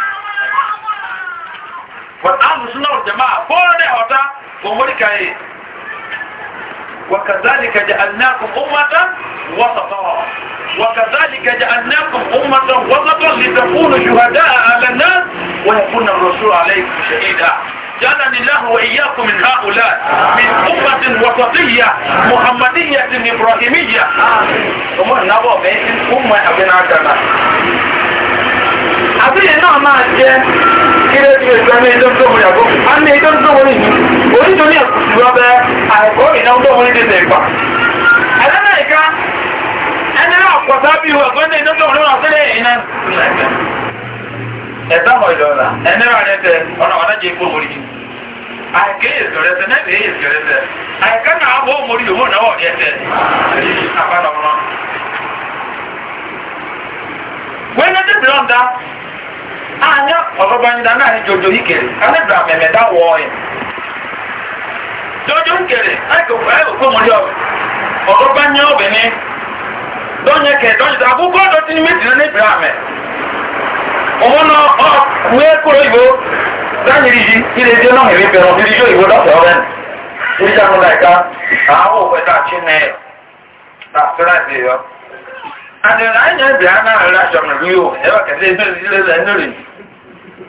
فالأهل سنة والجماعة فولا دي هوتا ايه وكذلك جعلناكم أمة وسطا وكذلك جعلناكم أمة وسطا لتكونوا شهداء على الناس ويكون الرسول عليكم شهيدا جعلني الله وإياكم من هؤلاء من أمة وسطية محمدية إبراهيمية ثم نبو بيت أمة أبناء جنة أبناء نعم ما kéré ti èso ẹni ẹjọ́ tó wọlé àgọ́ àmì ẹjọ́ tó wọlé yìí onítorí ẹ̀kú lọ́bẹ̀ àìkọ́ ìnáwó tó wọlé dé tẹ̀gbà. ẹlẹ́nà ìka ẹni náà pọ̀tà bí wọ ẹ̀kọ́ ẹjọ́ tó wọlé àtẹ́lẹ̀ ìná. ẹ̀dá mọ̀ ìlọ́ra ẹni rà rẹ tẹ ọ̀nà ọ̀nà jẹ́ ikú mórí yìí. àìké èso rẹ tẹ nẹ́ẹ̀bì èso rẹ tẹ àìká náà bọ́ mórí lòmọ́ náà ọ̀ Wẹ́n ní ti bìrọ̀ ń da anya ọ̀rọ̀bá ní dáná ní jojo ìkèrè alẹ́bìrà mẹ̀mẹ̀dá wọ̀ ẹ̀ jojo ìkèrè ẹ̀kọ́ ọ̀rọ̀bá ní ọ̀bẹ̀ ní dọ́nyẹ kẹ̀ dọ́nyẹ tó àbúkọ́ ọ̀dọ́ tí ní méjì náà níbìrà mẹ̀ òun náà ọ̀ wé kúrò ìbò dányìrì yìí ilé ìdí náà ìrìn bẹ̀rẹ̀ òbí yóò ìwé dọ́tọ̀ ọ̀rẹ́ nì ìdí sàmúlà ìka àwọn òwe dà chi nẹ dà fẹ́rẹ́ àti yọ. àdìrẹ́ àyìn ẹ̀bìrì anáà rẹ̀ àjọmọ̀ rí o ẹ̀rọ kẹ̀kẹ́ ìgbẹ́ ìdílé rẹ̀ nílùú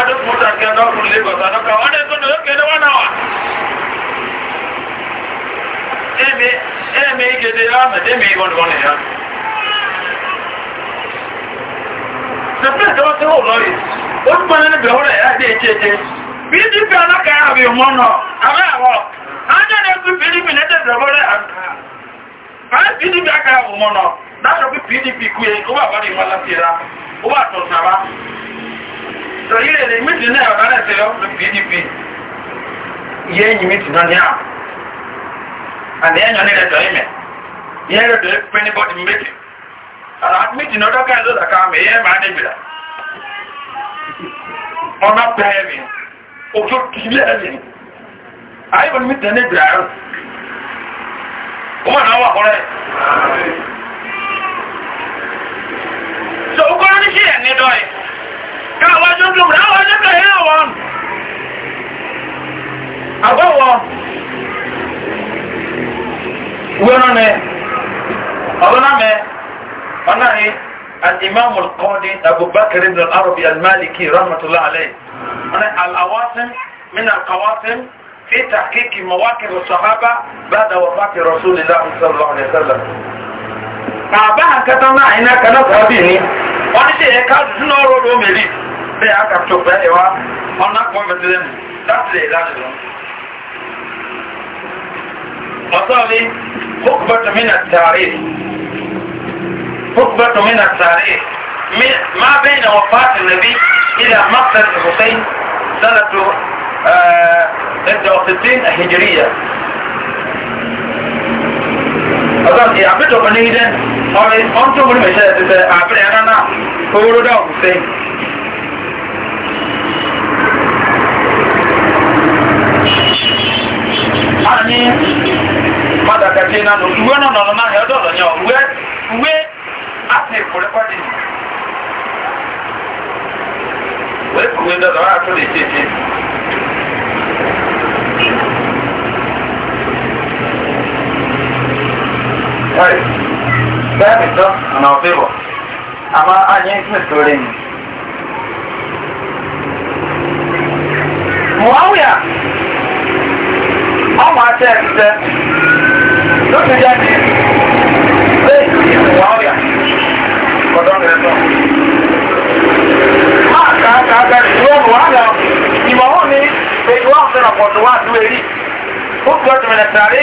adó mọ́tà kí ọdọ́ fún ilé bọ̀tà lọ́kà wọ́n dẹ̀ tó lókè ní wọ́n náà wà. Èmi èmi gèdè lámẹ̀dé mi ìwọ̀n ìwọ̀n nìyà. The place don say hold on it. Ó ti pọ́n nínú ìbẹ̀wò rẹ̀ láti ètí ètí. PDP alákà àbí ọmọ náà, àbẹ́ àwọ̀. Ajá ni ẹgbẹ́ PDP lẹ́tẹ̀ ìdọ̀bọ̀ rẹ̀ àkà. Àyẹ̀ PDP àkà ọmọ náà, láṣọ pé PDP kú yẹ kó bàbá rẹ̀ wọ́n láti ra, ó wà tọ̀ sára so yìí lè mítì náà ọ̀rọ̀ náà tẹ̀lé ọ̀pọ̀ pdp yẹ́ ẹ̀yìn mítì náà ní àwọn àti ẹ̀yàn ní ẹ̀tọ́ ìmẹ̀ yẹ́ ẹ̀tọ́ pé ní bọ́dì mítì àrà mítì náà dọ́kà ẹ̀zọ́ dàkà àmì yẹ́ ẹ̀mà níbìlá ọ̀nà pẹ̀ẹ́ mi òjò kìlẹ̀ mi àyíkò ní mítì náà níbìlá ẹ̀rọ wọ́n náà wà kọ́rẹ́ so ó kọ́ ní sí ẹ̀ ní dọ́yìí káwàjọ́ الإمام القاضي أبو بكر بن العربي المالكي رحمة الله عليه انا العواصم من القواسم في تحقيق مواقف الصحابة بعد وفاة رسول الله صلى الله عليه وسلم bàbá àkẹta náà iná kanáà tàbí ní wọ́n ní ṣe ẹ̀ka be a ka to be uh, wa ona ko me de mu ta de la de lo asali hukbat min at tarikh hukbat min at tarikh ما بين وفاة النبي إلى مقتل الحسين سنة 66 هجرية أظن يا عبد الله بن هيدن أنتم من مشاهدة عبد الله أنا نعم كورو داو حسين ani madakati nanu uwe nọ nọrọ n'ahịa ọdọọdọ ya uwe uwe asị pụrịkwadị wee kụwe ndọdọ ha atụ na-eche eche Bẹ́ẹ̀ni tọ́ ọ̀nà ọ̀bẹ̀wọ̀, àmọ́ àyè ń pè sórí ni. Mùáwíà ọmọ àti ẹ̀sẹ̀ lókè jáde lẹ́yìn ìwà ọ̀yà ọ̀dọ́ rẹ̀ lọ. Máa kà á kà á kà ìlú ọ̀nù wà lọ. Ìmọ̀ wọn ni èyí wọ́n fẹ́ràn pọ̀jù wá àdúrà èyí. Ó fi ọ̀tún mẹ́lẹ̀ sàárè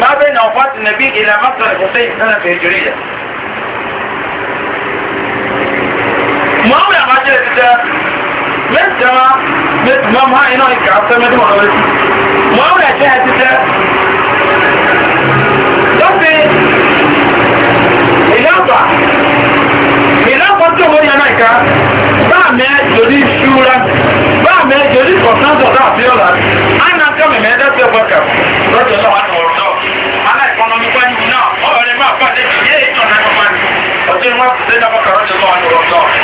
máa bẹ́ẹ̀ nà ọ̀fọ́ àti nàbí ìlà mọ́tò ìfọ̀sẹ́ ìfẹ́ràn fèrè jùlọ yẹ. Mọ̀ọ́mù àbájẹ́ ti tẹ́ mẹ́tẹ̀ẹ́ mẹ́tẹ̀ẹ́ mọ́ mọ́wúrẹ̀ tẹ́ ẹ ti tẹ́ lọ́sí ìlọ́pàá ìlọ́pàá tí owó yẹn náà ká báà mẹ́ jòdì ṣúra báà mẹ́ jòdì kọ̀sánsọ̀ náà fi ọ̀la á nà kọ́ mẹ́mẹ́ ẹ̀dẹ́sẹ̀ bọ́kà lọ́jọ́ náà wà ní ọ̀rọ̀ náà aláìkọ́nọ́mí pẹ́ẹ́nì náà ọ̀rẹ́ máa pàdé ìyé ìtàn náà ọjọ́ ìwọ̀n àti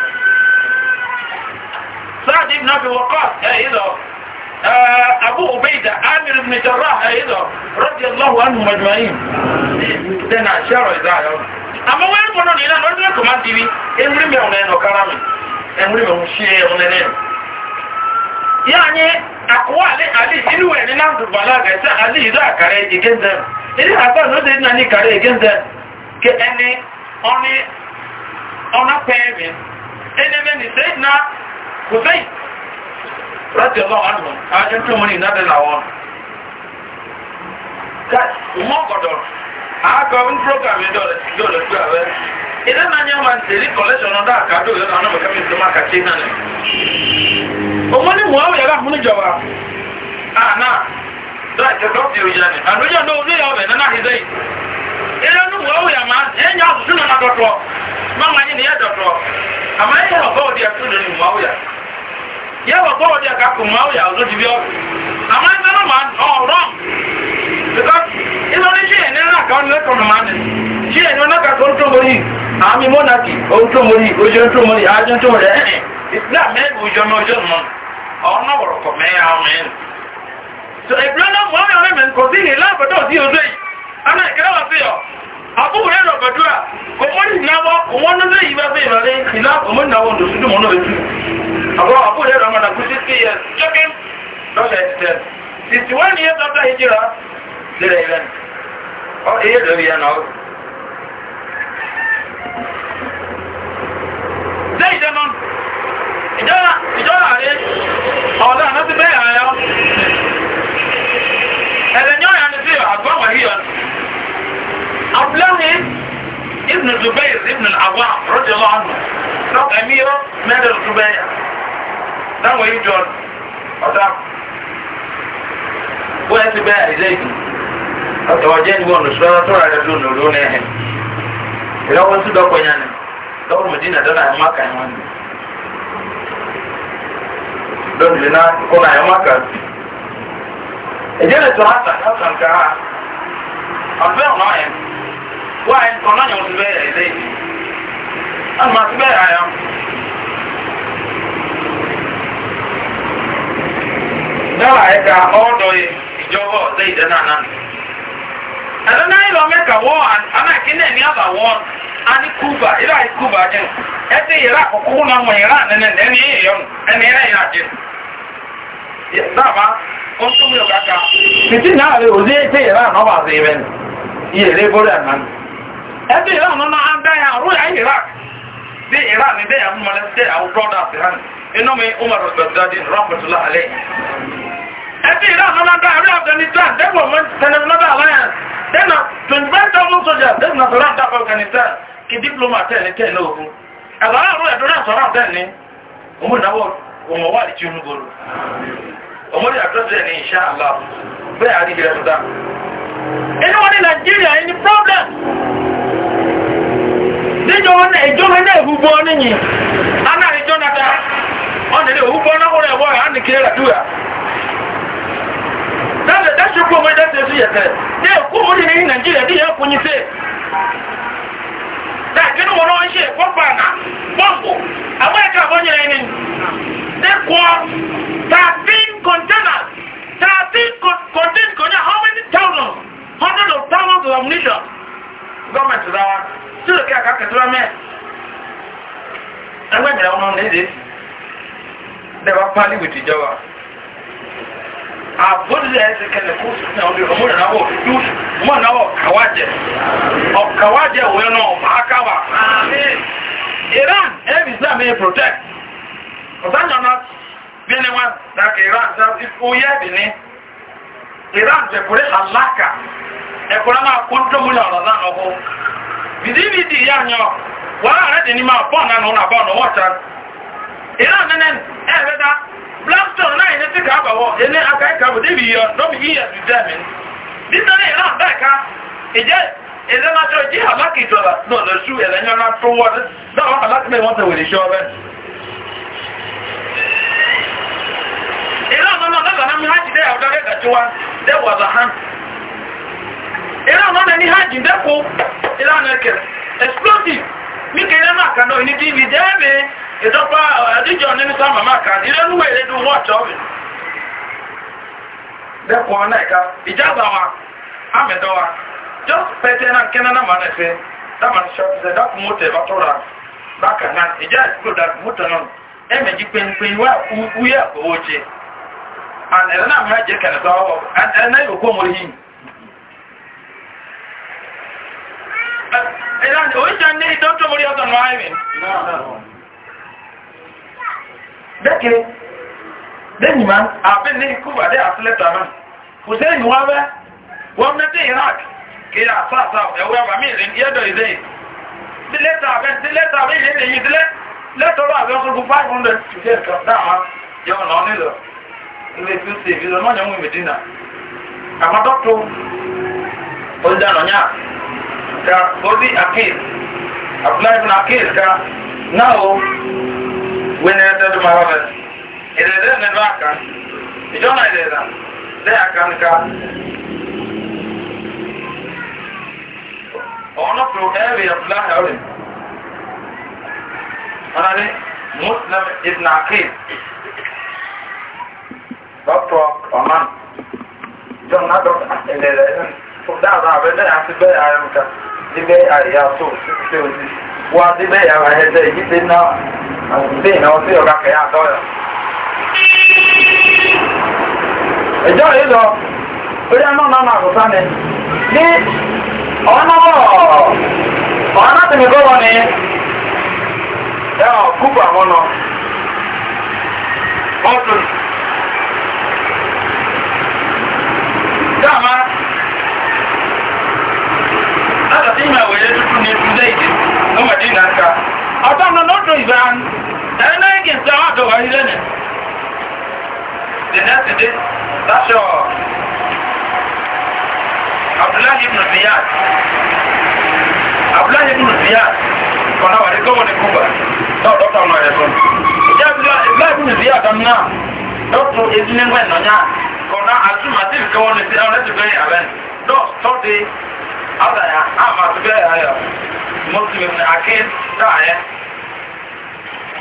سعد بن أبي وقاص أيضا أبو عبيدة عامر بن جراح أيضا رضي الله عنهم أجمعين دنا شارع إذا أما وين كنا نينا نقول لكم أنت بي أمري ما هنا نكرامي أمري ما هو شيء هنا يعني أقوال علي إنه وين نعم تبلاغ إذا علي إذا كاره يجندم إذا هذا نودي ناني كاره يجندم كأني أني أنا فاهمين أنا من سيدنا hussein láti ọlọ́wọ́ àdùn ajé tó mú ní ìnádẹ́ làwọn. mọ́ ọ̀gọ̀dọ̀ àgọ́ ń program yìí dọ̀lẹ̀ sí àwẹ́ ilé náà nyẹ́ wọn tẹ̀lé collection ọ̀dọ́ àkàdó yọ̀ náà ọ̀nàmọ̀ká mi tó má kàtí náà nì. ọmọ ah, ní muhammed yàrá àmúni jọba àná láti dọ́kítì òyìnbó ni àdójọ́ náà ó ní ìyá ọbẹ̀ náà hìdẹ́ yìí. ilé ní muhammed yàrá ẹ̀yìn àtúntò náà dọ̀tọ̀ máma yìí ni yẹ dọ̀tọ̀ àmọ́ ẹ̀yìn ọ̀gá òdi ẹ̀kú lónìí muhammed yàrá yẹ wọ tọwọ di ẹka kò máa yà ọdún dìbí ọdún àmọ ẹgbẹ náà máa nọ ọrọm because ilé oní ṣe ẹni náà kàn ní ẹkọ máa nì ṣe ẹni náà kàtó ń tó mọ yìí àmì mọnàkì ó ń tó mọ yìí ojú ń tó mọ yìí ájú ń tó mọ yìí ẹhìn islam mẹ́rin ojú ọmọ ojú ọmọ ọ̀nà wọ̀rọ̀ kọ̀ mẹ́rin àwọn mẹ́rin. so ìbílẹ̀ náà mọ̀ ọ́n mi ọ̀rẹ́ mi kò àbúrò rẹ̀ lọ̀gbẹ̀dúrà kò mọ́ ní ìnáwó kò wọ́n ló léyìí bá fẹ́ ìrọ̀lẹ́ ìná kò mọ́ ìnáwó ọ̀dọ̀ sídùn mọ́nà ojú àbúrò àbúrò rẹ̀ lọ́mọ nàkú sí sí yẹn jọ́kín lọ́sẹ̀ ẹ̀tẹ̀ sixty one years after hijira lẹ́rẹ̀ ilẹ̀ ọ èyí lórí yẹn náà. ṣé ìjọba ìjọba ìjọba rẹ ọ̀dọ́ àná ti bẹ́ẹ̀ àyọ ẹ̀rẹ̀ ní ọ̀yà ni sí àgbọ̀wọ̀ yìí abdullahi ibn zubair ibn al-awwam radiyallahu anhu náà ẹ̀míyọ́ mẹ́rin zubair dáwọn yìí jọ ọ̀dà wọ́n ti bẹ́ẹ̀ ilé yìí ọ̀tọ̀ ọ̀jẹ́ ni wọn lùsọ́ tó rà rẹ̀ lónìí olóòrùn ẹ̀hìn ìlọ́wọ́ sí dọ́kọ̀ yẹn ni lọ́wọ́ mẹ́dínà dọ́là ẹ̀mọ́ kà yẹn ni lónìí náà kọ́ náà ẹ̀mọ́ kà ẹ̀jẹ̀ lè tó hàtà hàtà nǹkan ha ọ̀fẹ́ ọ̀nà ẹ̀ wáyé nǹkan náà yẹn wọ́n ti bẹ́ẹ̀ rẹ̀ lé ọ̀nà àti bẹ́ẹ̀ rà yẹn. dábàá yẹn ká ọ̀dọ̀ ìjọba ọ̀dẹ́ ìdẹ́ náà náà. ẹ̀dọ́ náà yìí lọ mẹ́ka wọ́ anáàkí náà ní àbà wọ́n á ní kúbà ìlà yìí kúbà jẹ́ ẹ ti yẹra àkókò náà wọ̀nyí rà nínú ẹni yìí yọ̀nù ẹni yẹra yìí àjẹ́. dábàá ó ń tún mi ò kàkà. títí náà rè òzí ẹ ti yẹra àná wà sí ibẹ̀ ni. iye rè bórí ẹbí ìran ya adáyà rúyà iraq bí iraq ní bẹ́ẹ̀ àwọn ọmọdé ṣe àwọn brọ́dà sí hàn inú mi umar rọ̀gbẹ̀dọ́dì rọ́pùtùlá alẹ́ ẹbí ìran nínú adáyà rúyà afghanistan dẹ́gbọ̀n mọ́ tẹnifílọ́dà alliance dẹ́nà 25,000 soldiers dẹ́nà sọ̀rọ̀ àdá afghanistan kí diploma tẹ́ẹ̀ ní tẹ́ẹ̀ lóògùn ẹ̀sọ̀rọ̀ àrùn ẹ̀dọ́rẹ́ sọ̀rọ̀ àtẹ́ẹ̀ ní ọmọ ìnáwó ọmọ wà ní tinubu ọmọdé àtọ́sílẹ̀ ní ìṣá àlá bẹ́ẹ̀ àríkẹ́ ẹ̀sọ̀dá inú wọn ní nàìjíríà ẹni problem níjọ wọn náà ìjọ náà ìhùgbọ níyìn aná ìjọ náà ta wọn nílé ìhùgbọ náà wọn ẹwọ yà á nìkiri àdúrà dábẹ dáṣe kó wọn dáṣe sí yẹtẹ ní èkó wọn ní ní nàìjíríà ní yẹn fúnyin sí dàgbé ní wọn náà ń ṣe ẹkọ pàànà bọmbù àwọn ẹka àwọn yẹn ni dẹkọ thirteen containers thirteen containers kọjá how many thousands hundreds of thousands of ammunition gọọmenti rawa tí lókè àkàkẹ́tìrọ́ mẹ́ ẹgbẹ́ ìgbà wọn ní èdè dẹ́wà pálí wìtì ìjọba àbúrúdẹ̀ ẹ̀sẹ̀ kẹlẹ̀ kó sùn náà ọdún ọmọdé náà wọ̀ dúdú mọ́ náà wọ̀ kàwájẹ ọ̀kàwájẹ òwe náà ọ̀mákáwà iran ẹ̀bí islam ẹ̀ e protect ọ̀sán yọ̀ náà bí ẹni wọn dàkẹ́ iran sáà ikú yẹ́bì ní iran jẹ̀kùrẹ́ halaka ẹ̀kùrẹ́ máa kún tó múlẹ̀ ọ̀rọ̀ náà ọkọ̀ bìdìbìdì yá yọ wọ́n rẹ̀ dì ní máa bọ́ọ̀ na, nà bọ́ọ̀ na wọ́ta iran nẹ́nẹ́ ẹ̀rẹ́dá blackstone náà ilé tí kàábàwọ̀ ilé akáyíkàbò débì yọ lọ́bì yíyẹ sí jẹ́mi nítorí iran dáìka ìjẹ́ ìjẹ́ náà tó jí halaka ìjọba náà lọ sú ẹ̀lẹ́yìn náà tó wọ́n dáwọn halaka mẹ́ wọ́n tẹ̀wẹ̀lẹ̀ ṣọ́ bẹ́ẹ̀ iran náà lọ́gbà náà mi hajj dẹ́ ọ̀dọ́ rẹ̀ gàjú wa dẹ́wọ̀ ha ìlànà ọ̀nà ní hajj dẹ́kọ̀ ìlànà ẹ̀kẹ̀ explosive ní kẹrẹ náà ní dv dẹ́ẹ̀mẹ́ ìdọ́pá àdíjọ eh, nínú sáà màmá kan ìlẹ́nu wẹ̀rẹ̀ dùn wọ́n tọ́ mi ọ̀nà ẹ̀ka ìjábà wa just pẹ́tẹ́ náà kẹ́nà náà mà na dáàmà ní sọ́ọ̀tì sẹ́ mọ́tò ẹ̀ bá tọ́ra bákan náà ìjà ìsúkò dákun mọ́tò náà ẹ̀mẹ̀jì pẹ́ńpẹ́ and ẹ̀rọ náà mìíràn jẹ́ kẹ̀lẹ̀ tó ọwọ́ ẹ̀rọ náà yóò kó mọ̀ yìí ìlànà oríṣà ní ìdọ́tọ̀ mọ́rí ọ̀tọ̀ nù áìrìn bẹ́kẹ̀ lẹ́yìn máa àbẹ́ ní ikú wà dé àtúlẹ́tọ̀ àmà kò sẹ́yìn wá bẹ́ wọ́n mẹ́ sí iraq kí àtàtà ẹ̀wọ́ ẹ̀wà mí ìrìn yẹ́dọ̀ ìdẹ́ ìdílẹ́tọ̀ àbẹ́ ìdílẹ́tọ̀ àbẹ́ ìdílẹ́tọ̀ àbẹ́ ìdílẹ́tọ̀ àbẹ́ ìdílẹ́tọ̀ àbẹ́ ìdílẹ́tọ̀ àbẹ́ ìdílẹ́tọ̀ àbẹ́ ìdílẹ́tọ̀ àbẹ́ ìdílẹ́tọ̀ àbẹ́ ìdílẹ́tọ̀ àbẹ́ ìdílẹ́tọ̀ ilé tí ó ṣe ìfisọ náà nyẹ mú ìmẹdínà àwọn dọ́kítọ̀ olùdáná nyà ka obi akil abdullahi bin akil ka náà o wẹ́n ẹ̀ tẹ́tù máa wà bẹ́ẹ̀ ìdẹ̀dẹ̀ ní bá kan ìjọ náà ìdẹ̀dẹ̀ lẹ́yìn àkànkà ọ̀nà tó ẹ̀rì abdullahi ọ̀rẹ́ ọ̀nà ni muslim ibn akil. Dr. Oman. john na dɔkita ɛlɛlɛ ɛn daadɔ a bɛ ne yà ti nka di bɛ ayɛ yà so sisi wa di bɛ yà ayɛ dɛ yi na ɔsi na ọsị ọga kakɛ yà dɔ yà. ɛjɔ yi lɔ oye ɛnɔ na agusa ni ni ɔna bɔ ɔna tɛmɛ kɔlɔ ni ɛ ɔ kuku àwọn nọ. dama aka ti ma wele tutu ne tuze ide no ma dina ka ata na no do izan ene ke sa wa do wa ile ne the next day that's your abdullah ibn ziyad abdullah ibn ziyad kona wa ko ne kuba no do ta no re so ya abdullah ibn ziyad amna doctor ezine ngwen kɔnɔ atuma ti nka wɔn ti ɔlɛ ti bɛ yɛ abɛn dɔ tɔdi ata yɛ ama ti bɛ yɛ ayɔ muslim ni ake da yɛ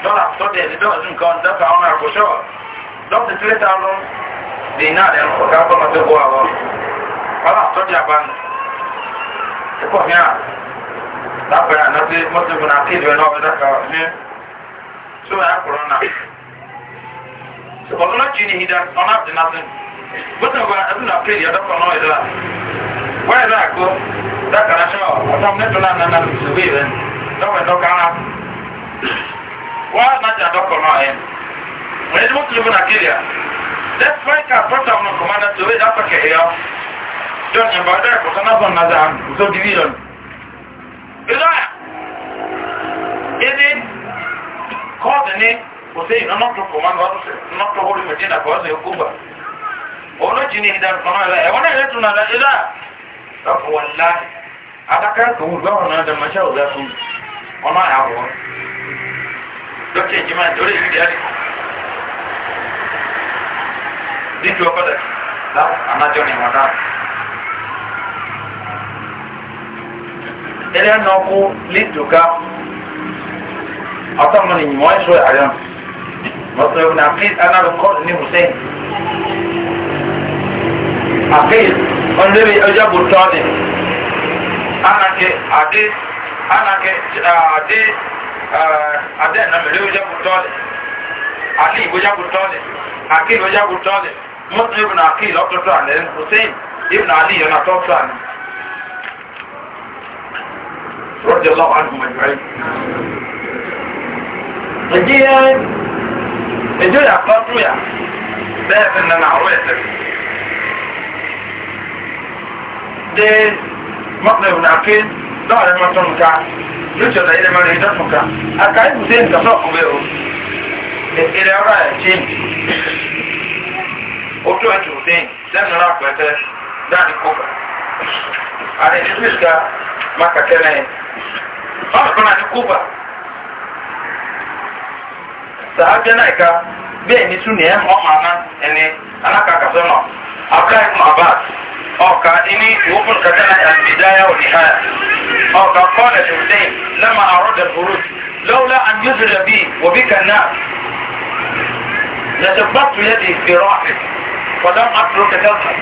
dɔla tɔdi ɛdi dɔla ti nka wɔn ti dɔta wɔn akosɔ dɔti tiri ta lɔ di na yɛ o ka kɔnɔ ti bɔ awɔ wala tɔdi aban ekɔ hɛn a labɛn a nɔti muslim ni ake bɛ n'ɔbi daka hɛn so Ọ̀nà jìnnì hìdá bọ́tà bá ẹbí náà kéde ọ̀dọ́kọ̀ náà ìdọ́là wáyé náà kó dákàrà ṣọ́ ọ̀tọ́m nẹ́tọ́ náà nana lùsùwé rẹ̀ dọ́wẹ̀ dọ́kà á wá nájà dọ́kọ̀ náà yẹn wọ́n yẹn mọ́tò lébọn àkéde à despite ka bọ́tà ọ̀nà kọ̀mọ́dà tó wé dáfà kẹ̀yọ́ jọ nyẹ̀bà ọ̀dọ́ ẹ̀kọ́tọ́ náà bọ̀ nàdà ọ̀dọ́ division ìdọ́yà ìdí kọ́ọ̀dù ní kò sí ìnáná tó kọ̀mọ́dà ọ̀dọ́ olójì ní ìdánfọ́nà rẹ̀ ẹ̀wọ́n náà lẹ́tùn náà lẹ́dá lọ́pọ̀ wọn láti adákẹ́ kòwú gbọ́wọ́n náà dẹ̀ mọ́ṣẹ́ òbẹ́ fún ọmọ àyàwó lókè ìjìmá ìdórí ìlú díẹ̀ dídú ọkọ̀dẹ̀ láwọn anájọ́ ni wọ́n náà. ilé náà kú lídùúká ọ̀tọ́mọ ni ìmọ̀ ẹ̀ṣọ́ àyàn mọ̀tò ìwọ̀n àfíìs anárùkọ́ ní hussein àfihàn ọ̀nẹ́bí ọjọ́ bò tọ́ni anake adé anake adé adé ẹ̀nàmẹ̀lẹ́ ọjọ́ bò tọ́ni àlí ìgbọ́jọ́ bò tọ́ni àkíl ọjọ́ bò tọ́ni mọ́tò ibùn àkíl ọ̀tọ̀tọ̀ àlẹ́ hussein ibùn àlí yọ̀nà tọ́tọ̀ àlẹ́ رضي الله عنهم اجمعين ẹjẹ ẹjọ yà kọ́ tó yà bẹ́ẹ̀ fi nana àwọ̀ ẹ̀sẹ̀. de mọ́tò ìwònàfẹ́ lọ́ọ̀rẹ́ mọ́tò nǹka lójú ọ̀dà ilẹ̀ mọ́tò ìjọ nǹka àkà ìbùsẹ̀ nǹkan sọ̀ kúbẹ̀ o ilẹ̀ ọ̀rọ̀ ẹ̀ ṣe ojú ẹ̀tù sẹ́yìn lẹ́nu náà pẹ̀tẹ́ dáàdì kópa àti ìdílùsíkà mákàtẹ́lẹ̀ ọ̀sùn náà ní kópa sàájẹ́ náà ìka bẹ́ẹ̀ ní túnìyẹ́ mọ́ àná ẹni alákàkàsọ́nà abdulayi muhammad أوكا إني وفن كتنا البداية والنهاية أوكا قال الحسين لما أراد الخروج لولا أن يزل بي وبك الناس لتبطت يدي في راحك فلم أترك تذهب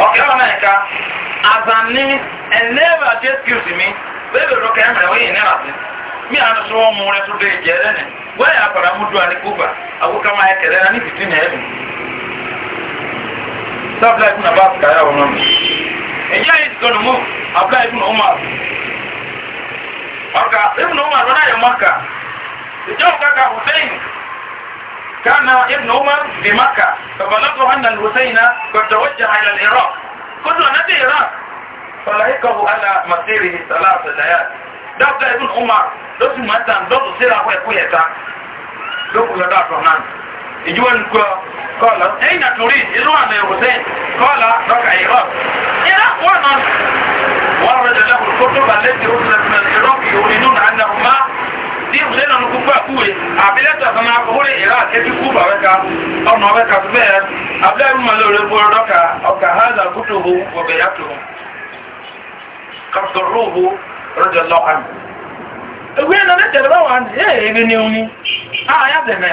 أوكا أنا إكا أظنني and never just excuse me bẹ́ẹ̀ bẹ̀rẹ̀ kẹ́ ẹ̀mẹ̀rẹ̀ wọ́n yìí náà sọ abúlé ibùn abá kàrà wọn mọ ẹ̀yìn àyè ti gbọ́dọ̀ mú abúlé ibùn umar ọkà ibùn umar wọn ayọ̀ maka ìjọ kaka hussein كان ابن عمر بمكة فبلغه أن الحسين قد توجه إلى العراق كل نبي العراق فلحقه على مسيره ثلاث ليال دافع ابن عمر لو سمعت أن دوت سيرة هو يكون يتا لو كنت دافع نانه ìjúwọ́ ní kú ọ kọ́ọ̀lá ẹ̀yìn náà torí inú àmì ìrùsẹ́ kọ́ọ̀lá lọ́kà ìrọ̀ ìrọ̀ wọn nọ wọn rẹ̀ lẹ́lẹ́ kó tó bá lẹ́sẹ̀ ó tilẹ̀ tilẹ̀ ìrọ̀ ìhòòrì inú náà nà ọ̀ma ní ìrùsẹ́ náà ní kúkú àkúwe àbílẹ̀tọ̀ kan náà kúrò ìrọ̀ àkẹ́tì kú bàwẹ́ka ọ̀nà ọ̀bẹ́ka tó bẹ́ẹ̀ abúlé ẹ̀rú màlẹ́ òrẹ́ bọ́ lọ́kà ọ̀kà hàzà kútó ho wọ̀bẹ̀ ewé náà lẹ́tẹ̀rẹ̀ báwa ni ẹ̀ ẹ̀ ní oní àyà bẹ̀rẹ̀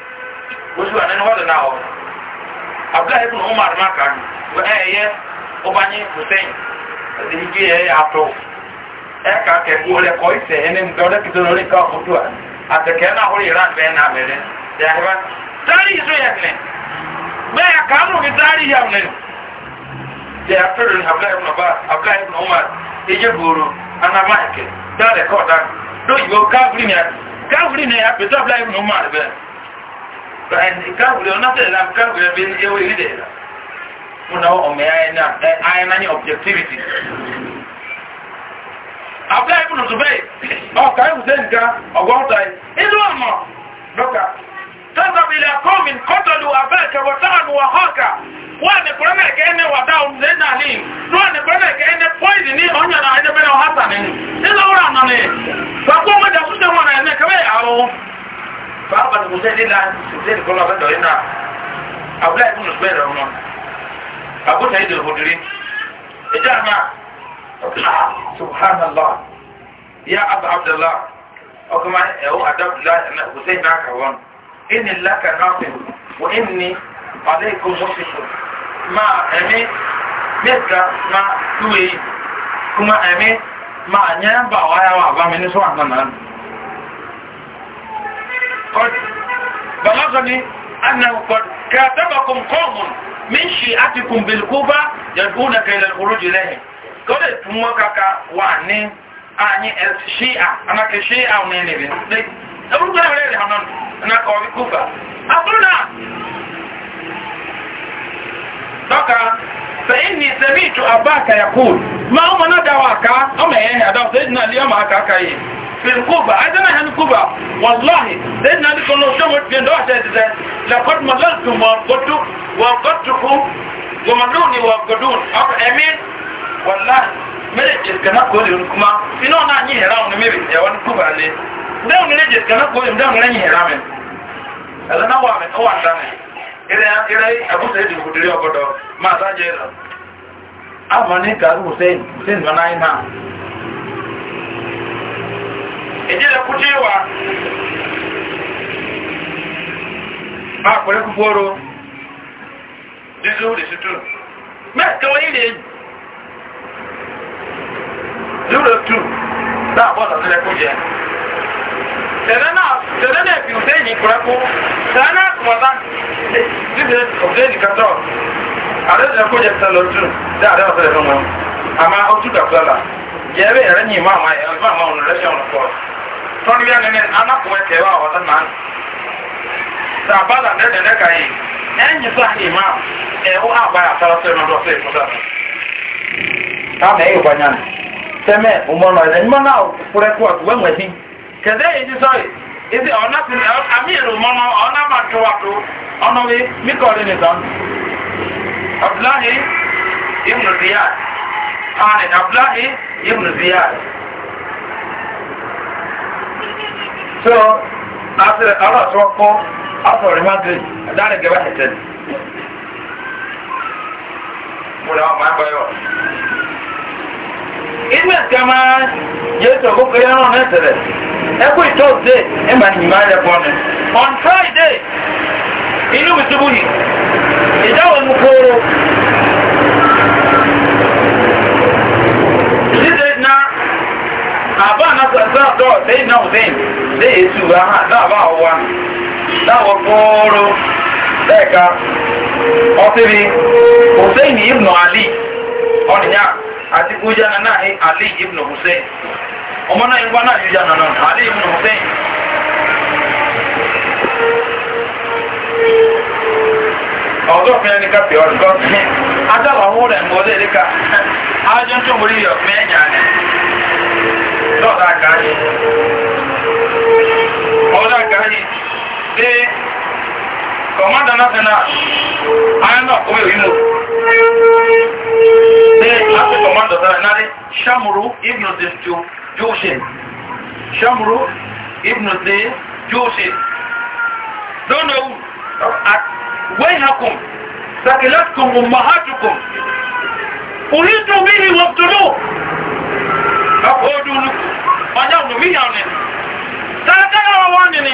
wosi wa nani wadana hɔ abdulahi ibn umar ma kan wɔ ɛyɛ yɛ ɔbanye hussein ɛdi ni gye yɛ ato ɛka kɛ wɔlɛ kɔ isɛ ɛnɛ nka ɔlɛ kitɛ lɔri ka ɔtu a atɛkɛ na ɔlɛ yɛrɛ abɛ na abɛ dɛ ɛyɛ ahiba taari yi so yɛ nɛ bɛɛ kaanu ki taari yɛ nɛ ɛyɛ apɛrɛ ni abdulahi ibn umar abdulahi ibn umar ɛyɛ buuru anaba yɛ kɛ daadɛ kɔɔda do yi o kaafiri ni a kaafiri ni a pɛtɛ abdulahi ibn umar bɛɛ káàkiri ọ̀nà tẹ̀lé náà káàkiri ẹ̀bí ewé ìlú dẹ̀ mo náà ọ̀mẹ́ ayé náà ní objectivity. abúlé ibùdó tó bẹ́ẹ̀ ọ̀ka ìwùsẹ̀ nǹkan ọ̀gbọ́n ta yìí inú ọ̀nà lọ́kà tọ́sà bìlẹ̀ kọ́min kọ́tọ̀lù abẹ́ẹ̀kẹ́ wọ́tàánù wà họ́ọ̀kà wọ́n ní pẹ̀lẹ́ kẹ́ ẹni wà dáhùn ní ẹ̀dá ní wọ́n ní pẹ̀lẹ́ kẹ́ ẹni pọ́ìdì ní ọ̀nyàn àìdẹ́bẹ̀rẹ̀ ọ̀hásà nínú. nínú ọ̀rọ̀ àná ni pàkó mọ́jà súnjẹ́ wọn náà ẹ̀ bàbá ni mo sẹ́ ní láti ṣe ní kọ́lá fẹ́dọ̀ yín náà àbúlá ìbùn ló bẹ̀rẹ̀ ọmọ àbúta yìí dèrò fòdìrí ẹjẹ́ àmà subhanallah ya abu abdullah ọkùnrin máa ẹ̀wọ́ adábùlá ẹ̀nà òṣèlú náà kàwọn ìní lákà náà fẹ̀ wọ ìní àlẹ́kọ̀ mọ́síkò máa ẹ̀mí mẹ́ta máa túwèé kuma ẹ̀mí máa nyẹ́ bá wáyà wà mi ní sọ́wọ́n náà nù. قد بلغني أنه قد كاتبكم قوم من شيعتكم بالكوبة يدعونك إلى الخروج إليهم قد تموكك وعني أني الشيعة أنا كشيعة ونيني بي أقول لك أنا هنون أنا قوي كوبة أقول لك دوكا فإني سمعت أباك يقول ما هم ندواك أما إيه هذا سيدنا اليوم أكاكا إيه بالكوبا عايزين احنا الكوبا والله لان هذه كل شيء بين دوحه ده لقد مللتم وقدت وقدتكم ومنوني وقدون اف امين والله مريت كنا كل كما فينا ناني هراون مبي يا وان كوبا لي داون نجي كنا كل داون ناني هرامن انا نوا من هو عندنا إذا إذا أبو سعيد الخدري وقدر ما ساجر أما نكارو حسين حسين بناينا ejele kutewa ba kore kuboro dizu de situ me kawo ile zuro tu da bo da le kuje tena tena ne bi ute ni kura ku tena kuma da dizu ute ni kato are le kuje telo tu da da ba le mo ama o tu da kula jẹ́rẹ́ ẹ̀rẹ́ ní ìmọ̀ àmà ẹ̀rọ àmà ọ̀nà rẹ̀ ṣọ̀nà pọ̀ tọ́nu bí anẹ́nẹ́ anákùnrin tẹ̀wá ọ̀dọ́ náà sàbálà dẹ́dẹ̀dẹ́ ka yìí ẹ̀yìn sọ àyè máa ẹ̀họ́ àbáyà àtàràtọ̀ ẹ̀rọ ọ̀dọ́ sí ìfúnta. táàmì ẹ̀yìn ìbànyà ni tẹ́mẹ̀ ọmọnà ẹ̀dẹ̀ nímọ̀ náà kúrẹ́ kú àtúwẹ́ mọ̀ ẹ̀sìn kẹ̀dẹ́ èyí ti sọ́ọ̀yì ìdí ọ̀nà sí àmì èrò mọ́nà ọ̀nà máa tó wà tó خالد عبد الله ابن زياد so after ọ̀rọ̀ tó kọ́ after remarkable adáre gẹ̀wá ẹ̀tẹ́ mo lọ máa ń bọ̀ yọ. ìgbà tí a máa yẹ tó kókó yẹn náà nẹ́sẹ̀rẹ̀ ẹkú ìtọ́sídẹ̀ ẹ̀ máa yìí máa yẹ pọ̀ ni on friday inú mi ti bú yìí ìdáwọ̀ mi kóró. àbá anásàtà dọ̀ lẹ́yìn náà lẹ́yìn lẹ́yìn ètù wa hàn náà bá wà láwọ̀ kóró lẹ́ẹ̀ka ọtíbi hussein ibn ali ọ̀nìyà àti kújá náà ní ali ibn hussein ọmọ náà ìgbà náà yíjá náà náà ali ibn hussein. ọ̀dọ́ mi ní kápẹ́ ọ̀dọ́ mi. adáwọ̀ àwọn ọ̀rẹ́ ń wọlé ẹ̀ríkà ájọ́ tó mú rí ọ̀gbìn ẹ̀yà ni lọ́ọ̀dà káyé ọ̀dà káyé dé kọ̀mọ́dà náà tẹ̀lá ayé náà kọ́wé òyìnbó dé láti kọ̀mọ́dà náà náà ṣàmùrú ibùdó tó jóṣe ṣàmùrú ibùdó tó jóṣe lọ́nà òwú wẹ́hàkùn sàkìlẹ́kùn mọ̀hájùkùn orí tó bí ìwọ̀n tó lọ́wọ́ ọdún ọjọ́ òdòmí yà ọ̀nẹ̀ tẹ́lẹ̀tẹ́lẹ̀ wọn wọ́n nìní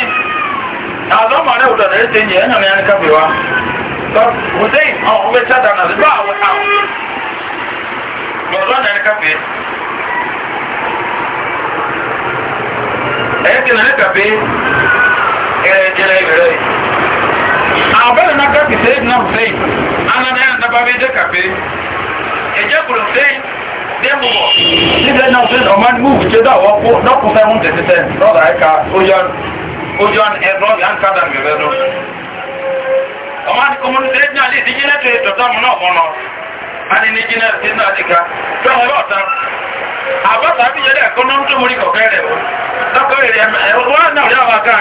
àzọ́ mọ̀rẹ́ òdòdó ẹ̀ṣẹ̀ yìí ẹ̀yàn ní kábíyà wa hussein ọ̀hún ọ̀bẹ sátà náà bá àwọn àwọn lọ́dọ̀ ní kábíyà ẹ̀yẹ́ ti ní kábíyà ẹ̀rẹ̀ jẹ́rẹ̀ ìbẹ̀rẹ̀ àwọn bẹ́ẹ̀ náà kábíyà sẹ́yìn náà hussein níbẹ̀ náà ṣe ọmọ ní múùbù ṣe dáwọ́ kó lọ́kùn fẹ́ ń tẹ̀tẹ̀tẹ̀ lọ́dà ẹ̀ka ojú ọ̀n ẹ̀rọ yà ń kádà mẹ́rẹ́ lọ. ọmọ ní kọmọ ní ṣẹ́yìn náà lè ti jílẹ̀ tó ètò táwọn náà mọ́nà á ní ní jílẹ̀ tí náà ti ka tó ń lọ ta. àbọ̀tà bí yẹlẹ̀ ẹ̀kọ́ náà ń tó múrí kọ̀kẹ́ rẹ̀ lọ́kọ̀ èrè ẹ̀rọ náà yà wá ká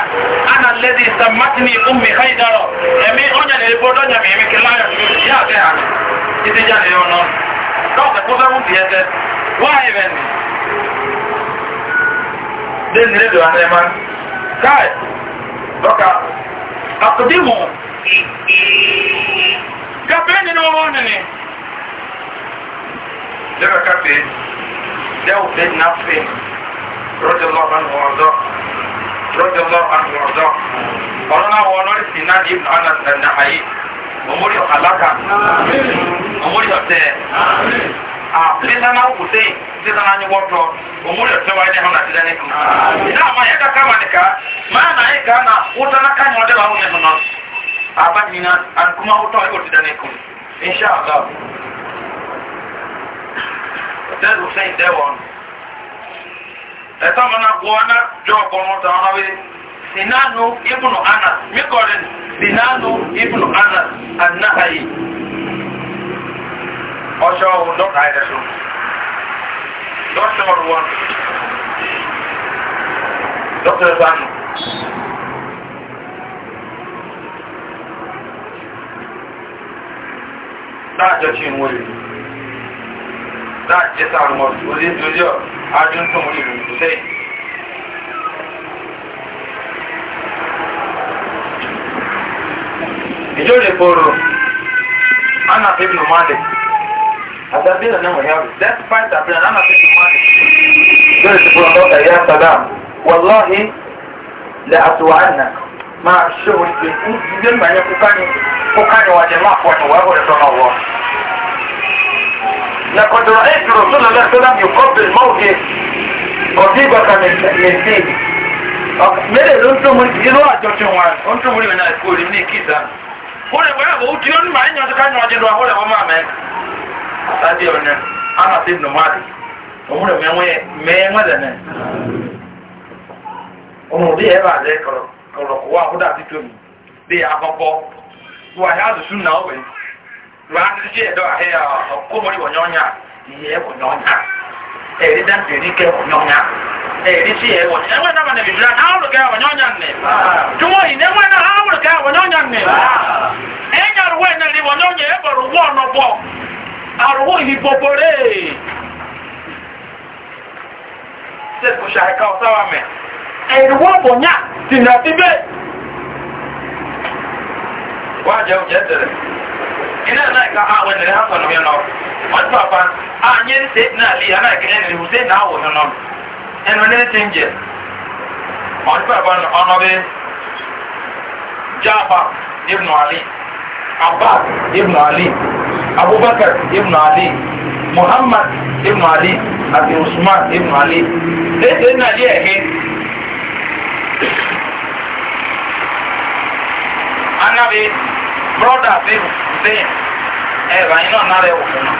ana lẹ́dí sàmátìní ìkúnmi háìdárọ̀ ẹ̀mí ọ̀nyàn èrè bọ́dọ̀ nyàmì ẹ̀mí kẹlá dɔkta kó fẹ́ mú tiẹ̀ tẹ wáyé bẹ́ẹ̀ ni dé nílé do àná ẹ̀ máa káì dɔkta àkùdí mu gàbẹ́ nínú ọmọ nìní lẹ́bẹ̀ẹ́ káfíń dẹ́wù bẹ́ẹ̀ ní afẹ́ rọ́jò lọ́wọ́ àwọn ọ̀dọ́ rọ́jò lọ́wọ́ àwọn ọ̀dọ́ ọ̀rọ̀ náà wọ́n lọ́rì sí náà ní ibùdó àná ọmọdé ọ̀kàlákà ọmọdé ọ̀tẹ́ àpẹẹsánà òkùté sísánà ní wọ́tọ̀ ọmọdé ọ̀tẹ́ wáyé ní ẹ̀hún àti lẹ́nu ìdá àwọn ẹ̀ka ká wọn nìka máa nà ẹ̀ka nà wọ́tọ̀ náà káyọ̀ ọ̀dẹ́ wàhùn ẹ̀hún náà àbá nyina àdùkúmá wọ́tọ̀ ẹ̀kọ́ ti dẹ́nu kan inṣẹ́ àgbà ọ̀tẹ́ lùsẹ́yìn dẹ́wọ̀n ẹ̀tọ́ sinanu ibnu anas mikorin sinanu ibnu anas annahayi ọṣọ ohun dọ́ka ẹ̀rẹ́sùn dọ́ṣọ́ ọ̀rùwọ́n dọ́ṣọ́ ìbánu dáàjọ́ ṣe ń wọlé dáàjẹ́ sáà mọ̀ orí ìjọ́jọ́ adúntún orí ìrùsẹ́yìn ìjọ́rè kóró ana fi nù mọ́lì àtàbílẹ̀ náà wọ̀nyá wò dẹ́sí fáìtì àbílẹ̀ ana fi nù mọ́lì ìjọ́rè ti kóró lọ́kà yá sàdám wàlọ́hì lẹ́ àtúwà ànà máa ṣe òṣìṣẹ́ ìdílé mbànyẹ kúkányé kúkányé wà jẹ́ máa pọ̀nyé wà wọ̀rẹ́ sọ́nà wọ̀. لقد رأيت رسول الله صلى الله عليه وسلم يقبل موته قضيبة من فيه. ماذا أنتم من جلوة جوشن وان؟ أنتم من أنا أقول من كذا wọ́n ẹ̀wọ́ ẹ̀wọ́ ojú ló ní màá yàn ká yàn ọjọ́ àwọn ẹ̀wọ́ máa mẹ́. Àtàdé ọ̀nà àmà sí ìdùnnú máa dì. Òun rẹ̀ mẹ́wọ́n mẹ́ẹ́ mọ́lẹ̀ mẹ́. Òun òbí ẹ̀ bá rẹ̀ kọ̀rọ̀ kọ̀ wá kódà sí tóbi. Bí akọ́kọ́ wà á dùn sún náà wẹ̀. Wà á ti ṣe ẹ̀dọ́ àhẹ́ ọkọ́ mọ́rí wọ̀nyọ́nyà ìyẹ́ wọ̀nyọ́nyà. Ẹ̀rí dáńtẹ̀ ní kẹ́ wọ̀nyọ́nyà ebisi ewa ewe na mana biblia eh, na awuru ka awanya onya nne tumo eh, yi na ewe na awuru ka awanya onya nne enya ruwe na libo eh, na onye eboro uwe ọnọbọ aruwo hipopore sekusha eka ọsawa me eruwo bụ nya si na tibe wájẹ oúnjẹ tẹ̀lẹ̀ ilé anáìka àwọn ènìyàn hàn sọ̀nù yẹn lọ wọ́n ti pàpà àyẹ̀ ń ṣe náà lè anáìka ẹni hùsẹ́ náà wò yẹn lọ́nà ẹnu ní ti ń jẹ ọ̀n tí bàbá ọ̀nà bí jaaba ibnu ali abbas ibnu ali abubakar ibnu ali muhammad ibnu ali àti usman ibnu ali léṣe ní alẹ́ ẹ̀hẹ́ anabi broda bi hussein ẹ̀ bàyìn náà nára ẹ̀ wọ̀ fún wa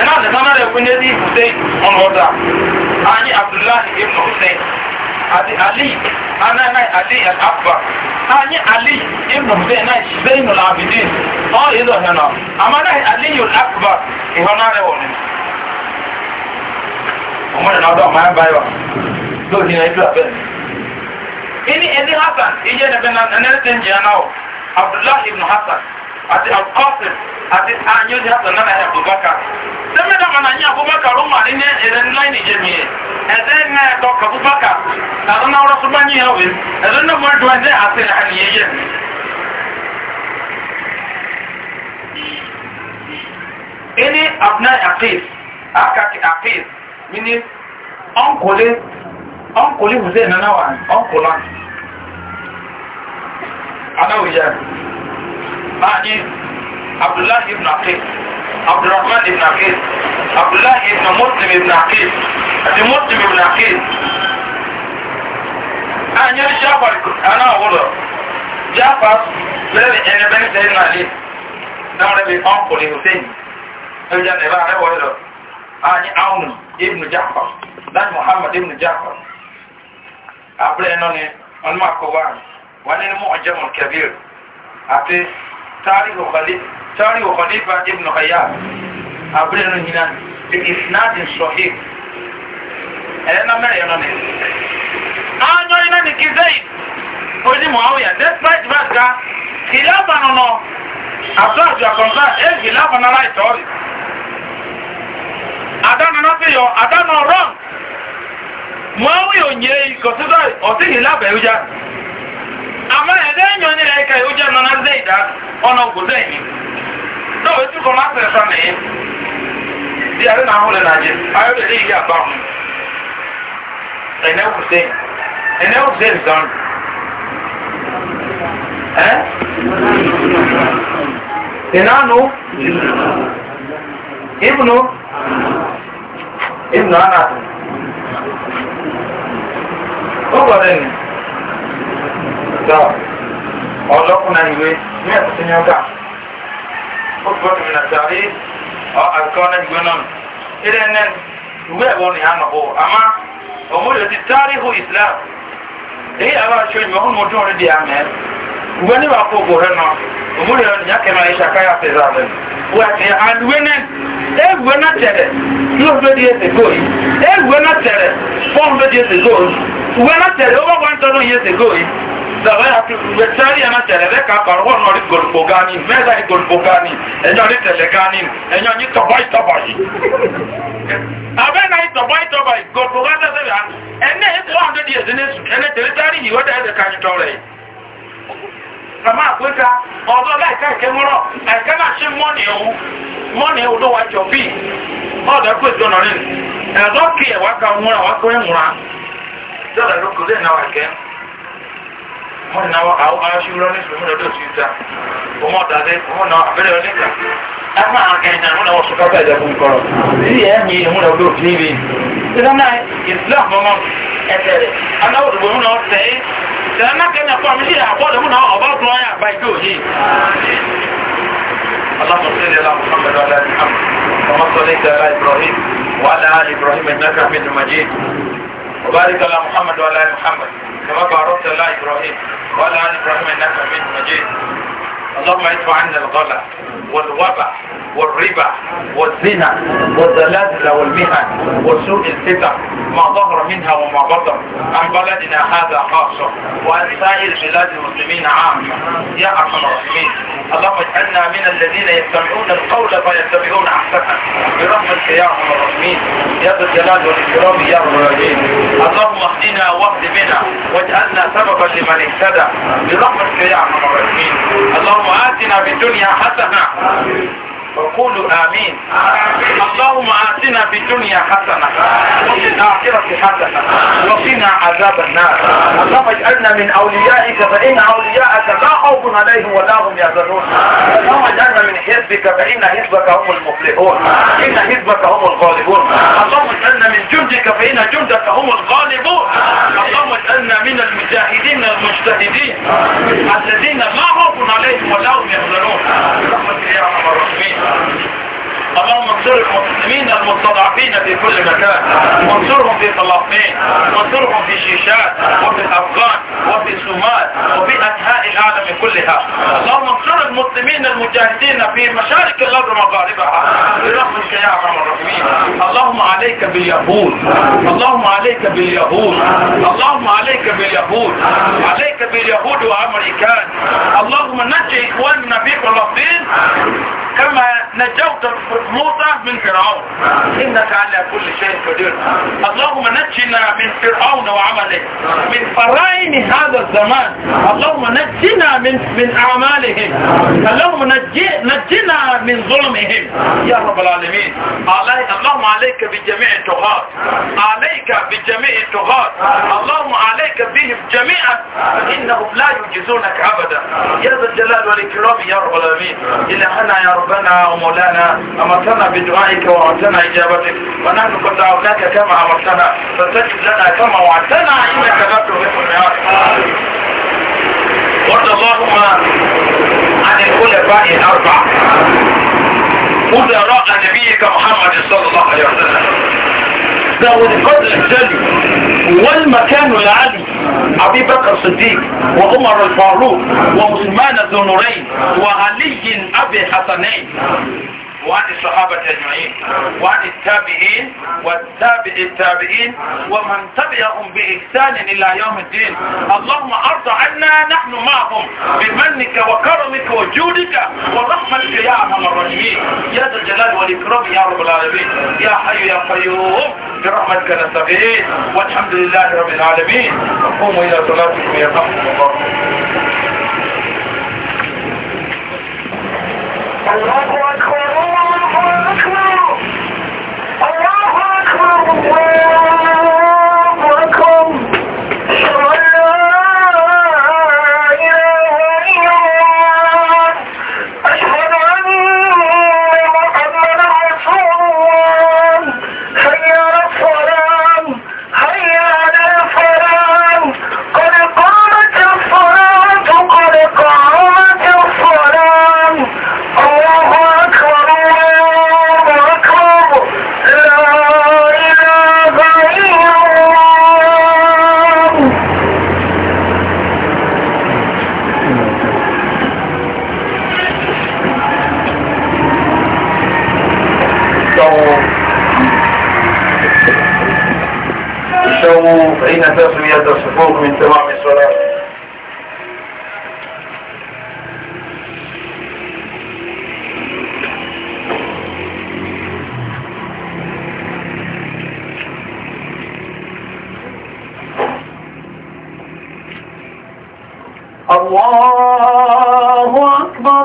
ẹ̀nà àtẹ̀sánná rẹ̀ fún yẹ́dí hussein ọmọ ọ̀dà ayé abdullahi ibn hussein àti ali anáyà ali al-akbar ayé ali ibn hussein náà zayn al-abidin ọ̀ yìí lọ hẹ́nà àmọ́ náà ali al-akbar ìhọ́nà rẹ̀ wọ̀ ni. ọmọ ìrìnà ọdọ ọmọ ayé báyọ̀ lóòdì náà ìdúrà bẹ́ẹ̀. ìní ẹni hasan ìyẹn ẹ̀bẹ̀ náà ẹ̀nẹ́rẹ́sẹ̀ ń jẹ́ náà abdullahi ibn hasan àti alkọ́sì àti nana ní àtọ̀ náà ẹ̀ bùbákà. sẹ́mẹ́dà mọ̀nà ní àbúbákà ló mà nínú ẹ̀rẹ́ ńlá ìnìjẹ́ mi yẹ. ẹ̀dẹ́ ní ẹ̀dọ́ kàbúbákà àti náà ọ̀rọ̀ súnmọ́ ní ẹ̀wẹ̀ ẹ̀dẹ́ náà mọ̀ ẹ̀dọ́ ẹ̀dẹ́ àti àníyẹ yẹ. ẹni abúlé àfíìs àkàkì àfíìs mi ní ọ̀nkọ̀lé ọ̀nkọ̀lé hùsẹ̀ nánà wà ọ̀nkọ̀lá. adáwòye بعدين عبد الله بن عقيل عبد الرحمن بن عقيل عبد الله بن مسلم بن عقيل أبي مسلم بن عقيل أنا جعفر أنا أقول جعفر lẹ́yìn ẹni bẹ́ẹ̀ sẹ́yìn náà lé náà rẹ̀ bí ọ̀nkùnrin hussein ẹ̀yà nìbá rẹ̀ wọ̀ ẹ̀rọ ààyè àwọn ibn jafar láti muhammad ibn jafar àbúrẹ́ náà ni wọn máa kọ wá wọn ní mú ọjọ́ mọ̀ kẹbíir àti tarihu khalifa ibn hayyan abúlé nínú yìí náà bí isnadi sọ̀hí ẹ̀yẹ́ náà mẹ́rin náà ni. ányọ́ ah, iná ni kí zayn ojú oh, muawiya despite that ga kìláàbà nínú àtúnṣe àkọ́ńtà ẹ̀ kìláàbà náà láì tọ́ọ̀lì. àdánù náà ti yọ àdánù ọ̀rọ̀ muawiya ò nyẹ́ ikọ̀ sísọ ọ̀sìn kìláàbà ẹ̀rú já àmọ́ ẹ̀dẹ́ ẹ̀yàn nílẹ̀ ẹ̀ka ìwé jẹ́ nana zẹ́ ìdá ọ̀nà ògùnzẹ́ ẹ̀mí náà wọ́n ti kọ́ máa tẹ̀ sá mẹ́yìn bí àrẹ náà wọlé nàjẹ ayọ́dẹ̀dẹ́ yìí àbá wọn ẹ̀nẹ́ hussein ẹ̀nẹ́ hussein zan ẹ̀ ìnánu ibùnú ibùnú anáàtì ó gbọ́dọ̀ ẹ̀yìn dọ ọlọkùnrin ìwé ní ẹkùtù ní ọkà ó fi bọ́tù mìíràn sàrí ọ àkọọ́nà ìwé náà ilé ẹnẹ ìwé ẹ̀wọ̀n ni a nọ̀ bọ̀ àmá ọmọdé ti tárí hu islam èyí àwọn aṣọ ìmọ̀ ọ̀hún mọ̀tún ọ̀rẹ́ di àmẹ́ ìwé ní wàá fọ́ọ̀gù rẹ náà ọmọdé ọ̀rẹ́ nìyà kẹmà ẹ̀ṣà káyà fẹ́rẹ́ rẹ wọ́n ti àdúwé náà ẹ̀wù náà tẹ̀rẹ̀ ní ọ̀dọ́ di ẹsẹ̀ góòyì ẹ̀wù náà tẹ̀rẹ̀ fọ́ọ̀mù ló di ẹsẹ̀ góòyì ìwé náà tẹ̀rẹ̀ ó wọ́n wá ń tọ́nú yẹn zaba ya tu yɛtɛri yɛ na tɛlɛ bɛ ka kɔrɔ wɔn nɔri golipo gani mɛza yi golipo gani ɛnyɔ ni tɛlɛ gani ɛnyɔ ni tɔbɔ yi tɔbɔ yi a bɛ na yi tɔbɔ yi tɔbɔ yi golipo gani tɛ sɛbi a ɛnɛ yɛ tɛlɛ hundred years ne su ɛnɛ tɛlɛ tari yi o da yɛ tɛ ka ni tɔrɔ yi kama àgbéga ọ̀dọ́ aláìka o àìka o do mọ́nì ọ̀hún mọ́nì olówó àjọ bíi ọ̀dọ́ ẹ̀kọ́ ìjọna rẹ̀ ẹ̀dọ́ kí ẹ̀wá ka ń múra wá kó ń múra dọ́là ló kúrẹ́ náà wà kẹ́ wọn nà wọn àwọn aṣọ ní sùnmù lọ́dọ̀ sí ìta wọn ọdàdé wọn nà abẹ́rẹ́ oníkà ẹ má àgẹnyà wọn nà wọn sọ kábẹ́ ẹ̀dá fún kọrọ sí ẹ mi wọn nà ọdọ òfin mi ìdáná islam mọmọ ẹsẹ rẹ aláwọ òdòdó wọn nà ọ tẹ ẹ ìdáná kẹnyà fún mi sí àbọ̀dọ̀ wọn nà ọba tó ọyà àgbà ìjọ yìí. اللهم صل على محمد وعلى ال محمد كما صليت ابراهيم وعلى ال ابراهيم انك حميد مجيد وبارك على محمد وعلى ال محمد كما باركت على ابراهيم وعلى ال ابراهيم انك حميد مجيد اللهم ادفع عنا الغلا والوبا والربا والزنا والزلازل والمهن وسوء الفتن ما ظهر منها وما بطن عن بلدنا هذا خاصة وعن سائر بلاد المسلمين عامة يا أرحم الراحمين اللهم اجعلنا من الذين يستمعون القول فيتبعون أحسنه برحمتك يا أرحم الراحمين يا ذا الجلال والإكرام يا رب العالمين اللهم اهدنا واهد بنا واجعلنا سببا لمن اهتدى برحمتك يا أرحم الراحمين اللهم اللهم آتنا في الدنيا حسنة وقولوا آمين اللهم آتنا في الدنيا حسنة وفي الآخرة حسنة وقنا عذاب النار اللهم اجعلنا من أوليائك فإن أولياءك لا خوف عليهم ولا هم يحزنون اللهم اجعلنا من حزبك فإن حزبك هم المفلحون إن حزبك هم الغالبون اللهم اجعلنا من جندك فإن جندك هم الغالبون اللهم اجعلنا من المجاهدين المجتهدين الذين لا خوف عليهم ولا هم يحزنون اللهم يا أرحم Amen. اللهم انصر المسلمين المستضعفين في كل مكان وانصرهم في فلسطين وانصرهم في شيشان وفي الافغان وفي الصومال وفي انحاء العالم كلها اللهم انصر المسلمين المجاهدين في مشارق الارض ومغاربها برحمتك يا ارحم الراحمين اللهم عليك باليهود اللهم عليك باليهود اللهم عليك باليهود عليك باليهود وامريكان اللهم نجي اخواننا في فلسطين كما نجوت موسى من فرعون إنك على كل شيء قدير اللهم نجنا من فرعون وعمله من فرائم هذا الزمان اللهم نجنا من من أعمالهم اللهم نجنا من ظلمهم يا رب العالمين علي اللهم عليك بجميع التغاة عليك بجميع التغاة اللهم عليك بهم جميعا إنهم لا يجزونك أبدا يا ذا الجلال والإكرام يا رب العالمين إلهنا يا ربنا ومولانا أما أمرتنا بدعائك وأمرتنا إجابتك ونحن قد دعوناك كما أمرتنا فتجد لنا كما وعدتنا إنك لا تغيث الميعاد وارض اللهم عن الخلفاء الأربعة وزراء نبيك محمد صلى الله عليه وسلم ذو القدر الجلي والمكان العلي أبي بكر الصديق وعمر الفاروق وعثمان ذو نورين وعلي أبي حسنين وعن الصحابة أجمعين وعن التابعين والتابع التابعين ومن تبعهم بإحسان إلى يوم الدين اللهم أرض عنا نحن معهم بمنك وكرمك وجودك ورحمتك يا أرحم الراحمين يا ذا الجلال والإكرام يا رب العالمين يا حي يا قيوم برحمتك نستغيث والحمد لله رب العالمين قوموا إلى صلاتكم يرحمكم الله الله Yeah. صلوا فإن تسوية الصفوف من تمام الصلاة الله أكبر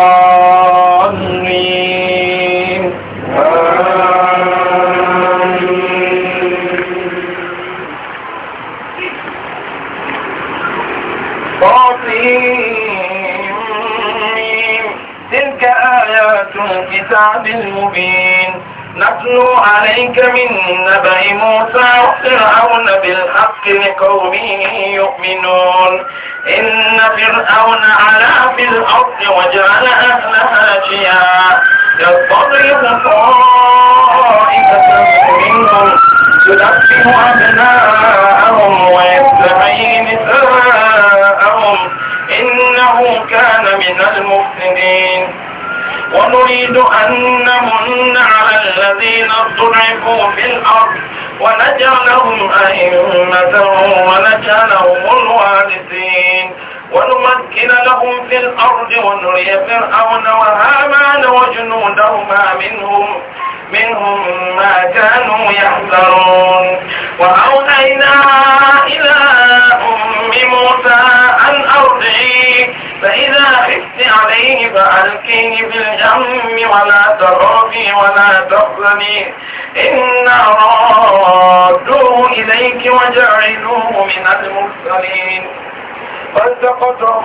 العذاب المبين نتلو عليك من نبأ موسى وفرعون بالحق لقوم يؤمنون إن فرعون علا في الأرض وجعل أهلها شيعا يستضعف طائفة منهم يدبر أبناءهم ويستحيي نساءهم إنه كان من المفسدين ونريد أن نمن على الذين استضعفوا في الأرض ونجعلهم أئمة ونجعلهم الوارثين ونمكن لهم في الأرض ونري فرعون وهامان وجنودهما منهم منهم ما كانوا يحذرون وأوحينا إلى أم موسى فإذا خفت عليه فألقيه بالجم ولا تخافي ولا تخزني إنا رادوه إليك وجعلوه من المرسلين فالتقطه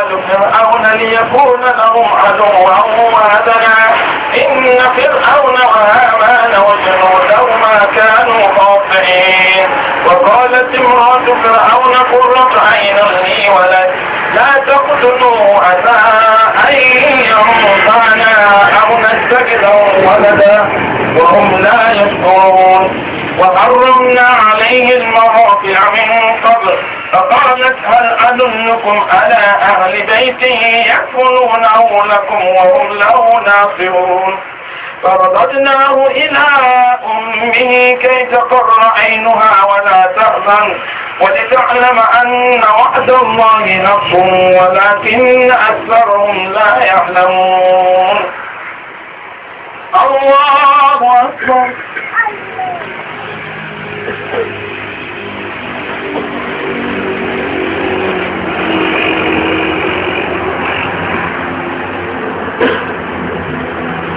آل فرعون ليكون لهم عدوا وهدنا إن فرعون وهامان وجنودهما كانوا خاطئين وقالت امرأة فرعون قرة عين لي ولد لا تخافي أن ينفعنا وهم لا يشكرون وحرمنا عليه المواقع من قبل فقالت هل أدلكم على أهل بيته يكفلونه لكم وهم له ناصرون فرددناه إلى أمه كي تقر عينها ولا تأمن ولتعلم أن وعد الله نص ولكن أكثرهم لا يعلمون الله أكبر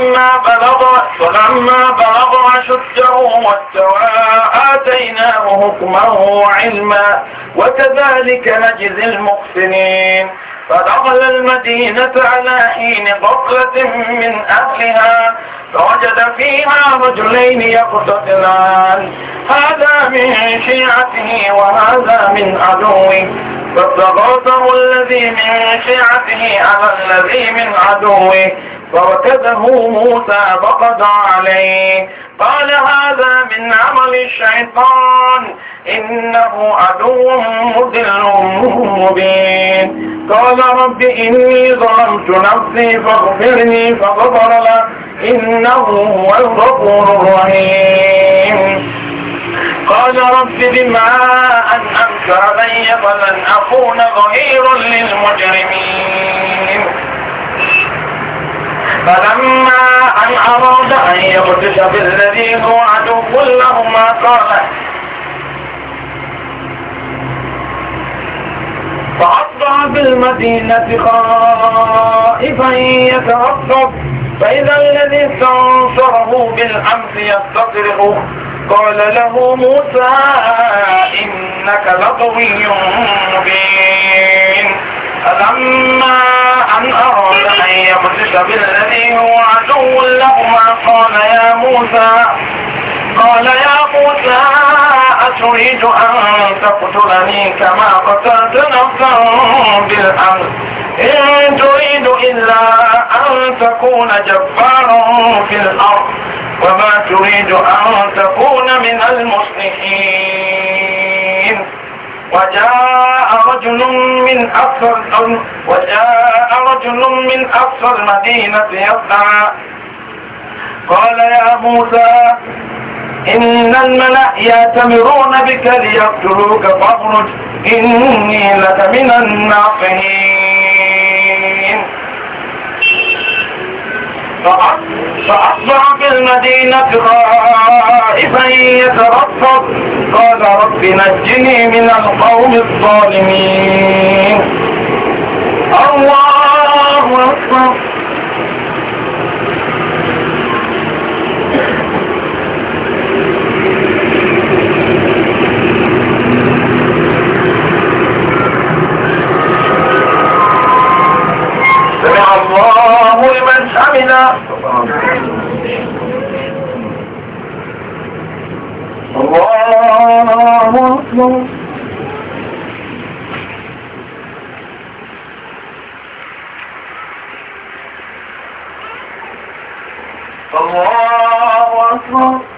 فلما بلغ فلما بلغ أشده واستوى آتيناه حكما وعلما وكذلك نجزي المحسنين فدخل المدينة على حين غفلة من أهلها فوجد فيها رجلين يقتتلان هذا من شيعته وهذا من عدوه فاستغاثه الذي من شيعته على الذي من عدوه فركزه موسى فقد عليه قال هذا من عمل الشيطان إنه عدو مذل مبين قال رب إني ظلمت نفسي فاغفرني فغفر له إنه هو الغفور الرحيم قال رب بما أنعمت علي فلن أكون ظهيرا للمجرمين فلما أن أراد أن يبتش بالذي هو عدو لهما قال فأصبع بالمدينة خائفا يتعصب فإذا الذي استنصره بالأمس يستطرقه قال له موسى إنك لطوي مبين فلما أن أراد يبطش بالذي هو عدو لهما قال يا موسى قال يا موسى أتريد أن تقتلني كما قتلت نفسا بالأمر إن تريد إلا أن تكون جبارا في الأرض وما تريد أن تكون من المصلحين وجاء وجاء رجل من أقصى وجاء رجل من أقصى المدينة يسعى قال يا موسى إن الملأ يأتمرون بك ليقتلوك فاخرج إني لك من الناصحين فأصبح في المدينة خائفا يترصد قال رب نجني من القوم الظالمين الله أكبر الله أكبر الله أكبر